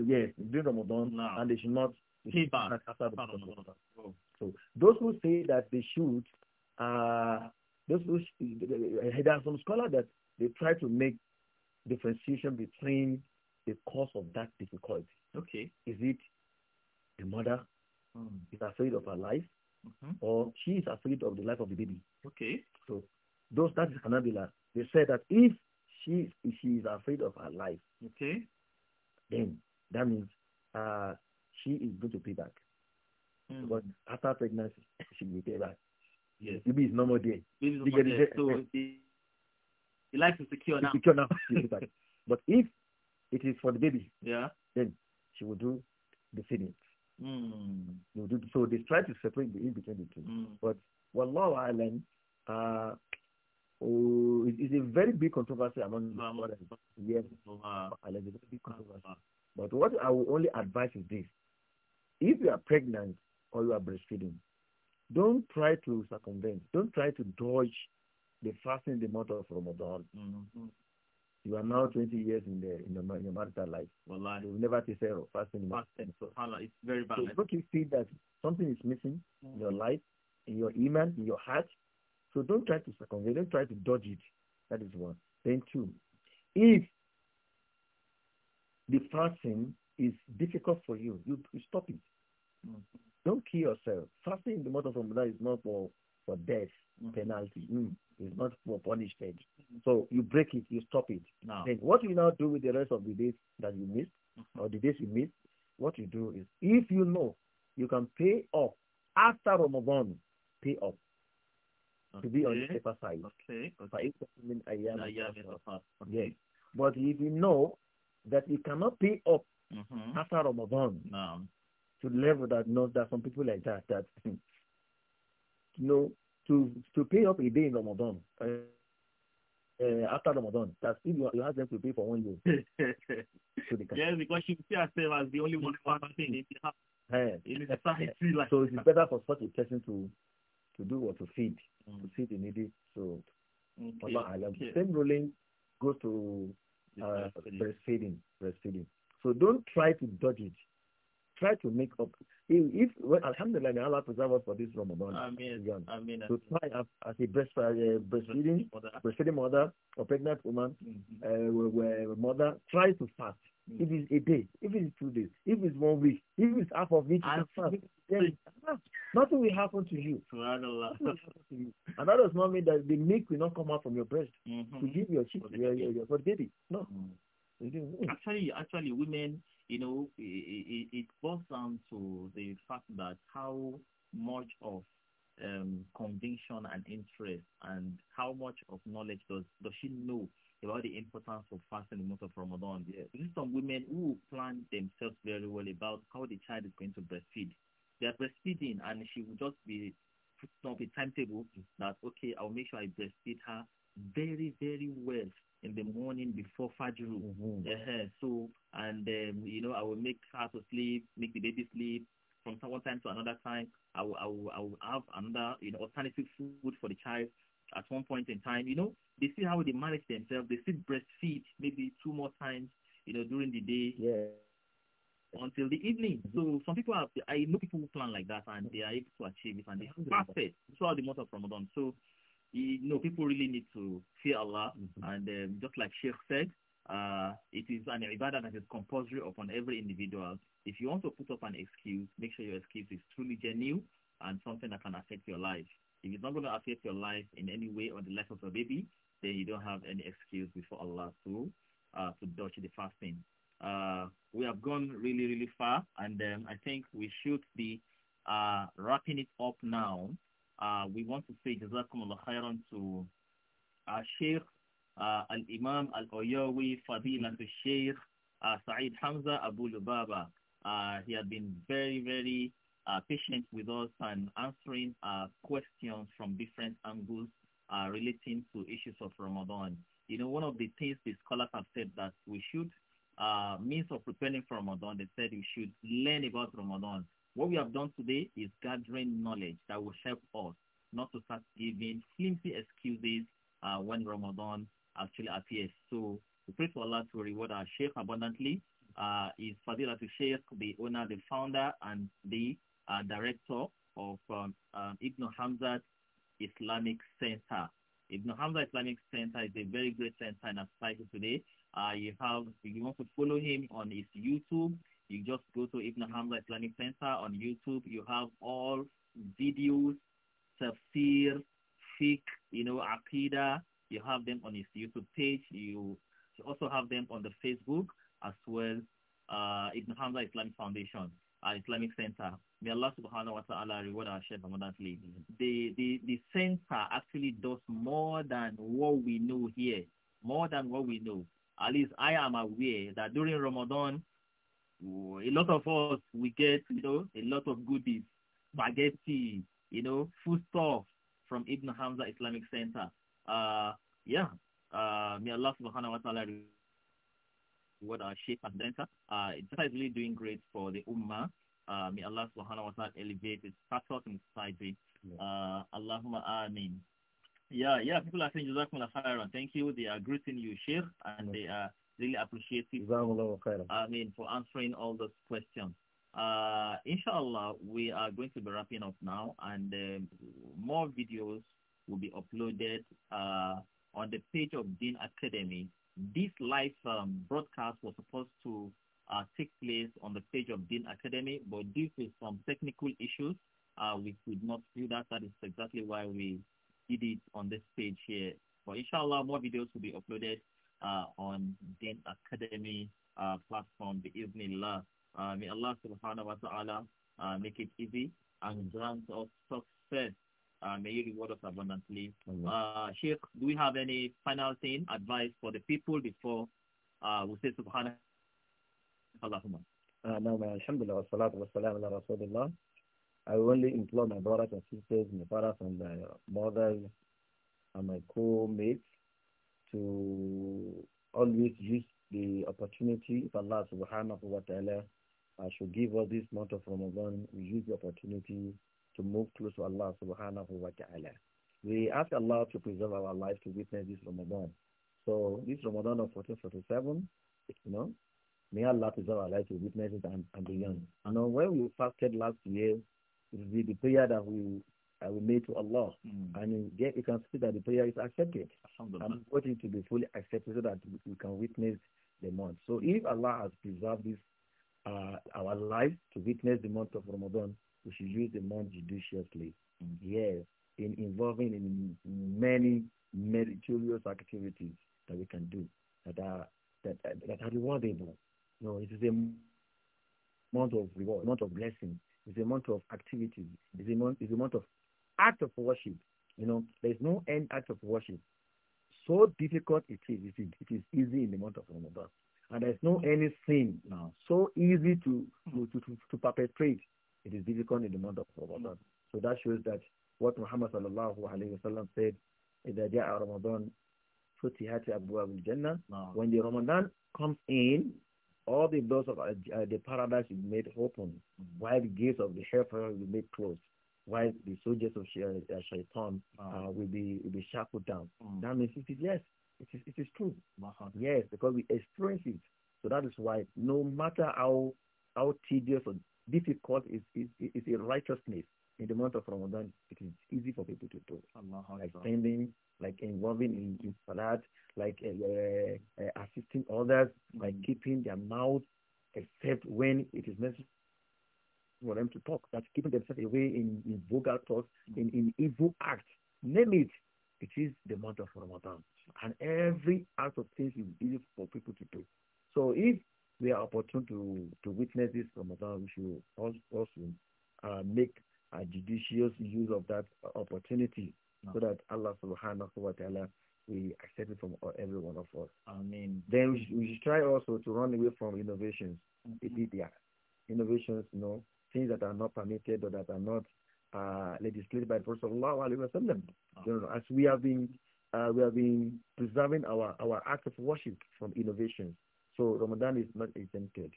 Yes, during Ramadan, and they should not pay should back after Ramadan. Ramadan. Oh. So those who say that they should, uh, those who, uh, there are some scholars that they try to make differentiation between the cause of that difficulty. Okay. Is it the mother mm. is afraid of her life mm -hmm. or she is afraid of the life of the baby? Okay. So those that is cannabila, they said that if she if she is afraid of her life, okay, then that means uh, she is going to pay back. Mm. after pregnancy, she will pay back. Yes. The baby is normal there. Baby is normal there. So The life is secure now. Secure now. but if it is for the baby, yeah, then she will do the feeding. Mm. so they try to separate the in between the two. Mm. But Wallahu Island, uh, oh, it is a very big controversy among the Yes, uh, very big controversy. Uh, but what I will only advise is this. If you are pregnant or you are breastfeeding, don't try to circumvent, don't try to dodge they fast the month of Ramadan. Mm -hmm. You are now 20 years in the in, your in your marital life. Wallahi. You will never taste zero fasting. Fasting, subhanAllah, it's very bad. So don't you see that something is missing mm. in your mm-hmm. life, in your iman, in your heart? So don't try to circumvent, don't try to dodge it. That is one. Then two, if the fasting is difficult for you, you, you stop it. Mm. Don't kill yourself. Fasting in the month of Ramadan is not for, for death penalty. Mm. mm. It's not for punishment. So you break it, you stop it. Now, Then what you now do with the rest of the days that you missed mm-hmm. or the days you missed, what you do is if you know you can pay off after Ramadan, pay off. Okay. To be on the safer side. Okay. okay. Yes. But if you know that you cannot pay off mm -hmm. after Ramadan no. to the level that knows that some people like that that you know to to pay up a day in Ramadan. Uh, after Ramadan, that still you, you ask them to pay for one year. so yes, because she see herself as the only one who in the house. Yeah. so it's better for such a person to to do what to feed, mm. to feed the needy. So, okay. okay. same ruling goes to uh, breastfeeding, breastfeeding. So don't try to dodge it. Try to make up. If, if well, Alhamdulillah, Allah preserves for this Ramadan. Amen. Again. To try as, as a breast, uh, eh, breastfeeding, mother. breastfeeding mother or pregnant woman, mm-hmm. uh, mother, try to fast. Mm. If it's a day, if it's two days, if it's one week, if it's half of it, fast, then nothing will happen to you. and that does not mean that the milk will not come out from your breast mm -hmm. to give your, chick, your, your, your, baby. No. Mm. Actually, actually, women you know, it, it, it boils down to the fact that how much of um, conviction and interest and how much of knowledge does, does she know about the importance of fasting in the month of Ramadan. There are some women who plan themselves very well about how the child is going to breastfeed. They are breastfeeding and she will just be putting up a timetable that, okay, I'll make sure I breastfeed her very, very well in the morning before Fajr. Mm -hmm. uh -huh. So, and um, you know, I will make her to sleep, make the baby sleep. From one time to another time, I will, I will, I will have another, you know, alternative food for the child at one point in time. You know, they see how they manage themselves. They still breastfeed maybe two more times, you know, during the day. Yeah. Until the evening. Mm -hmm. So some people have, I know people who plan like that and they are able to achieve it and they fast it throughout the month of Ramadan. So you know, people really need to fear Allah. Mm-hmm. And um, just like Sheikh said, uh, it is an ibadah that is compulsory upon every individual. If you want to put up an excuse, make sure your excuse is truly genuine and something that can affect your life. If it's not going to affect your life in any way or the life of your baby, then you don't have any excuse before Allah to uh, to dodge the fasting. Uh, we have gone really, really far, and um, I think we should be uh, wrapping it up now. Uh, we want to say Jazakumullah khairan to our Sheikh, uh, Al-Imam Al-Oyawi, Fadilat al-Sheikh, uh, Saeed Hamza Abu Lubaba. Uh, he has been very, very uh, patient with us and answering uh, questions from different angles uh, relating to issues of Ramadan. You know, one of the things the scholars have said that we should, uh, means of preparing for Ramadan, they said we should learn about Ramadan. What we have done today is gathering knowledge that will help us not to start giving flimsy excuses uh, when Ramadan actually appears. So we pray for Allah to reward our Sheikh abundantly. Uh, is Fadila to Sheikh, the owner, the founder, and the uh, director of um, um Ibn Hamza Islamic Center. Ibn Hamza Islamic Center is a very great center in our society today. Uh, you have, if you want to follow him on his YouTube, you just go to Ibn Hamza Islamic Center on YouTube. You have all videos, tafsir, fiqh, you know, aqidah. You have them on his YouTube page. You also have them on the Facebook as well. Uh, Ibn Hamza Islamic Foundation, uh, Islamic Center. May Allah subhanahu wa ta'ala reward our Sheikh abundantly. The, the, the center actually does more than what we know here, more than what we know. At least I am aware that during Ramadan, a lot of us we get you know a lot of goodies, spaghetti, you know, food stuff from Ibn Hamza Islamic Center. Uh, yeah, uh, may Allah subhanahu wa ta'ala what our shape and Denta. Uh, Denta really doing great for the Ummah. Uh, may Allah subhanahu wa ta'ala elevate his status in society. Yeah. Uh, Allahumma ameen. Yeah, yeah, people are saying Jazakumullah khairan. Thank you. They are greeting you, Sheikh, and they are Really appreciate it. I mean, for answering all those questions. Uh, inshallah, we are going to be wrapping up now, and um, more videos will be uploaded uh, on the page of Dean Academy. This live um, broadcast was supposed to uh, take place on the page of Dean Academy, but due to some technical issues, uh, we could not do that. That is exactly why we did it on this page here. But inshallah, more videos will be uploaded uh, on Dent Academy uh, platform, biiznillah. Uh, may Allah subhanahu wa ta'ala uh, make it easy and grant us success. Uh, may you reward us abundantly. Uh, Sheikh, do we have any final thing, advice for the people before uh, we say Subhanahu wa Uh, no, alhamdulillah, salatu wassalam ala rasulullah. I only implore my brothers and sisters, my fathers and my mothers, and my co-mates to always use the opportunity if Allah subhanahu wa ta'ala uh, should give us this month of Ramadan, we use the opportunity to move close to Allah subhanahu wa ta'ala. We ask Allah to preserve our life to witness this Ramadan. So this Ramadan of 1447, you know, may Allah preserve our life to witness it and, and beyond. And when we fasted last year, it will be the prayer that we I will made to Allah. Mm. And yet you can see that the prayer is accepted. I'm waiting to be fully accepted so that we can witness the month. So if Allah has preserved this, uh, our life to witness the month of Ramadan, we should use the month judiciously. Mm. Yes, in involving in many meritorious activities that we can do that are, that, uh, that are rewardable. No, it is a month of reward, month of blessing. It's a month of activities. It's a month, it's a month of act of worship. You know, there's no end act of worship. So difficult it is. It is, it is easy in the month of Ramadan. And there's no any sin now. So easy to, to, to, to perpetrate. It is difficult in the month of Ramadan. So that shows that what Muhammad sallallahu alayhi wa sallam said, إِذَا جَاءَ رَمَضَانُ فُتِحَتِ أَبْوَابُ الْجَنَّةِ When the Ramadan comes in, all the doors of uh, the paradise is made open, mm. while the gates of the hellfire is made closed while the soldiers of uh, Shaitan uh, will be will be shackled down. Mm. That means it is yes, it is it is true. Yes, because we experience it. So that is why no matter how how tedious or difficult is is is a righteousness in the month of Ramadan, it is easy for people to do. like spending, like involving in, in salat, like uh, uh, uh assisting others, mm. like keeping their mouth, except when it is necessary for them to talk, that's keeping themselves away in, in vulgar thoughts, in, in evil acts. Name it. It is the month of Ramadan. And every act of things is easy for people to do. So if we are opportune to, to witness this Ramadan, we should also uh, make a judicious use of that opportunity no. so that Allah subhanahu wa ta'ala we accept it from every one of us. I mean, then we should, we should try also to run away from innovations. Mm -hmm. Innovations, you know, things that are not permitted or that are not uh, legislated by the Prophet sallallahu alaihi wasallam. Ah. You know, as we have been uh, we have been preserving our our act of worship from innovations. So Ramadan is not exempted.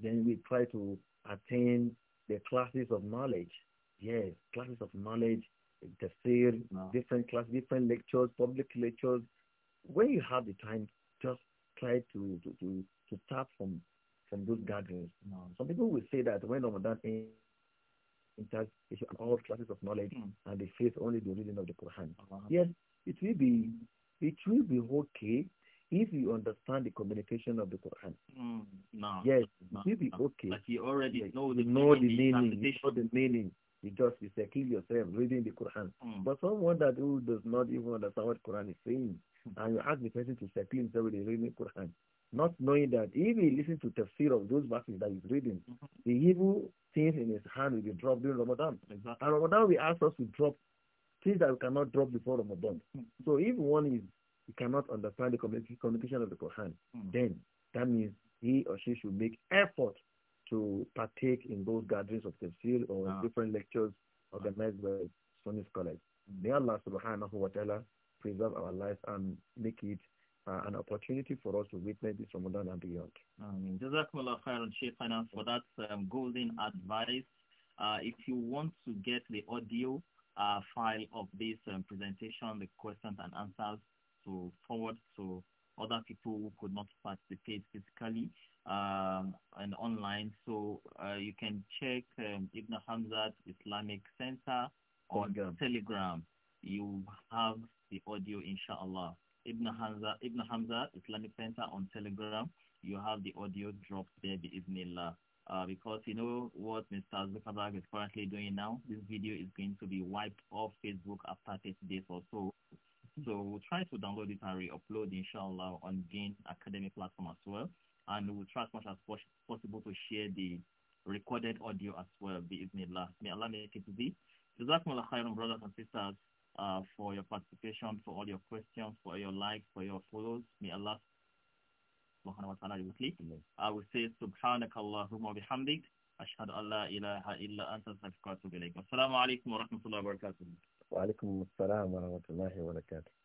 Then we try to attain the classes of knowledge. Yes, classes of knowledge, the sale, no. different class, different lectures, public lectures. When you have the time, just try to to to, to start from from those gatherings. Some people will say that when Ramadan ends, enters all classes of knowledge mm. and they face only the reading of the Quran. Uh ah. -huh. Yes, it will be it will be okay if you understand the communication of the Quran. Mm. No, yes, no, it will be no. okay. But you already yes. know the, you know meaning, the meaning. You know the meaning. You just you say, kill yourself reading the Quran. Mm. But someone that who does not even understand what Quran is saying, and you ask the person to secure himself with the reading Quran, not knowing that if he listens to tafsir of those verses that he's reading, mm -hmm. the evil things in his hand will be dropped during Ramadan. Exactly. And Ramadan will ask us to drop things that we cannot drop before Ramadan. Mm -hmm. So if one is he cannot understand the communication of the Quran, mm. then that means he or she should make effort to partake in those gatherings of tafsir or different lectures organized ah. by Sunni scholars. Mm-hmm. May Allah subhanahu wa ta'ala preserve our lives and make it uh, an opportunity for us to witness this Ramadan and beyond. Amen. Jazakumullah khairan, Shaykhana, for that um, golden advice. Uh, if you want to get the audio uh, file of this um, presentation, the questions and answers to forward to other people who could not participate physically um, and online, so uh, you can check um, Ibn Hamzat Islamic Center on Telegram. Telegram. You have the audio, inshallah. Ibn Hamza, Ibn Hamza Islamic Center on Telegram. You have the audio dropped there, the Ibnillah. Uh, because you know what Mr. Zuckerberg is currently doing now? This video is going to be wiped off Facebook after 30 days or so. So we'll try to download it and re-upload, inshallah, on Gain Academic platform as well. And we'll try as much as possible to share the recorded audio as well, bi-ibnillah. May Allah make it to be. Jazakumullah khairan, brothers and sisters. Uh, for your participation, for all your questions, for your likes, for your follows. May Allah subhanahu wa ta'ala repeat. I will say subhanakallahumma bihamdik. أشهد أن لا إله إلا أنت أستغفرك وأتوب إليك.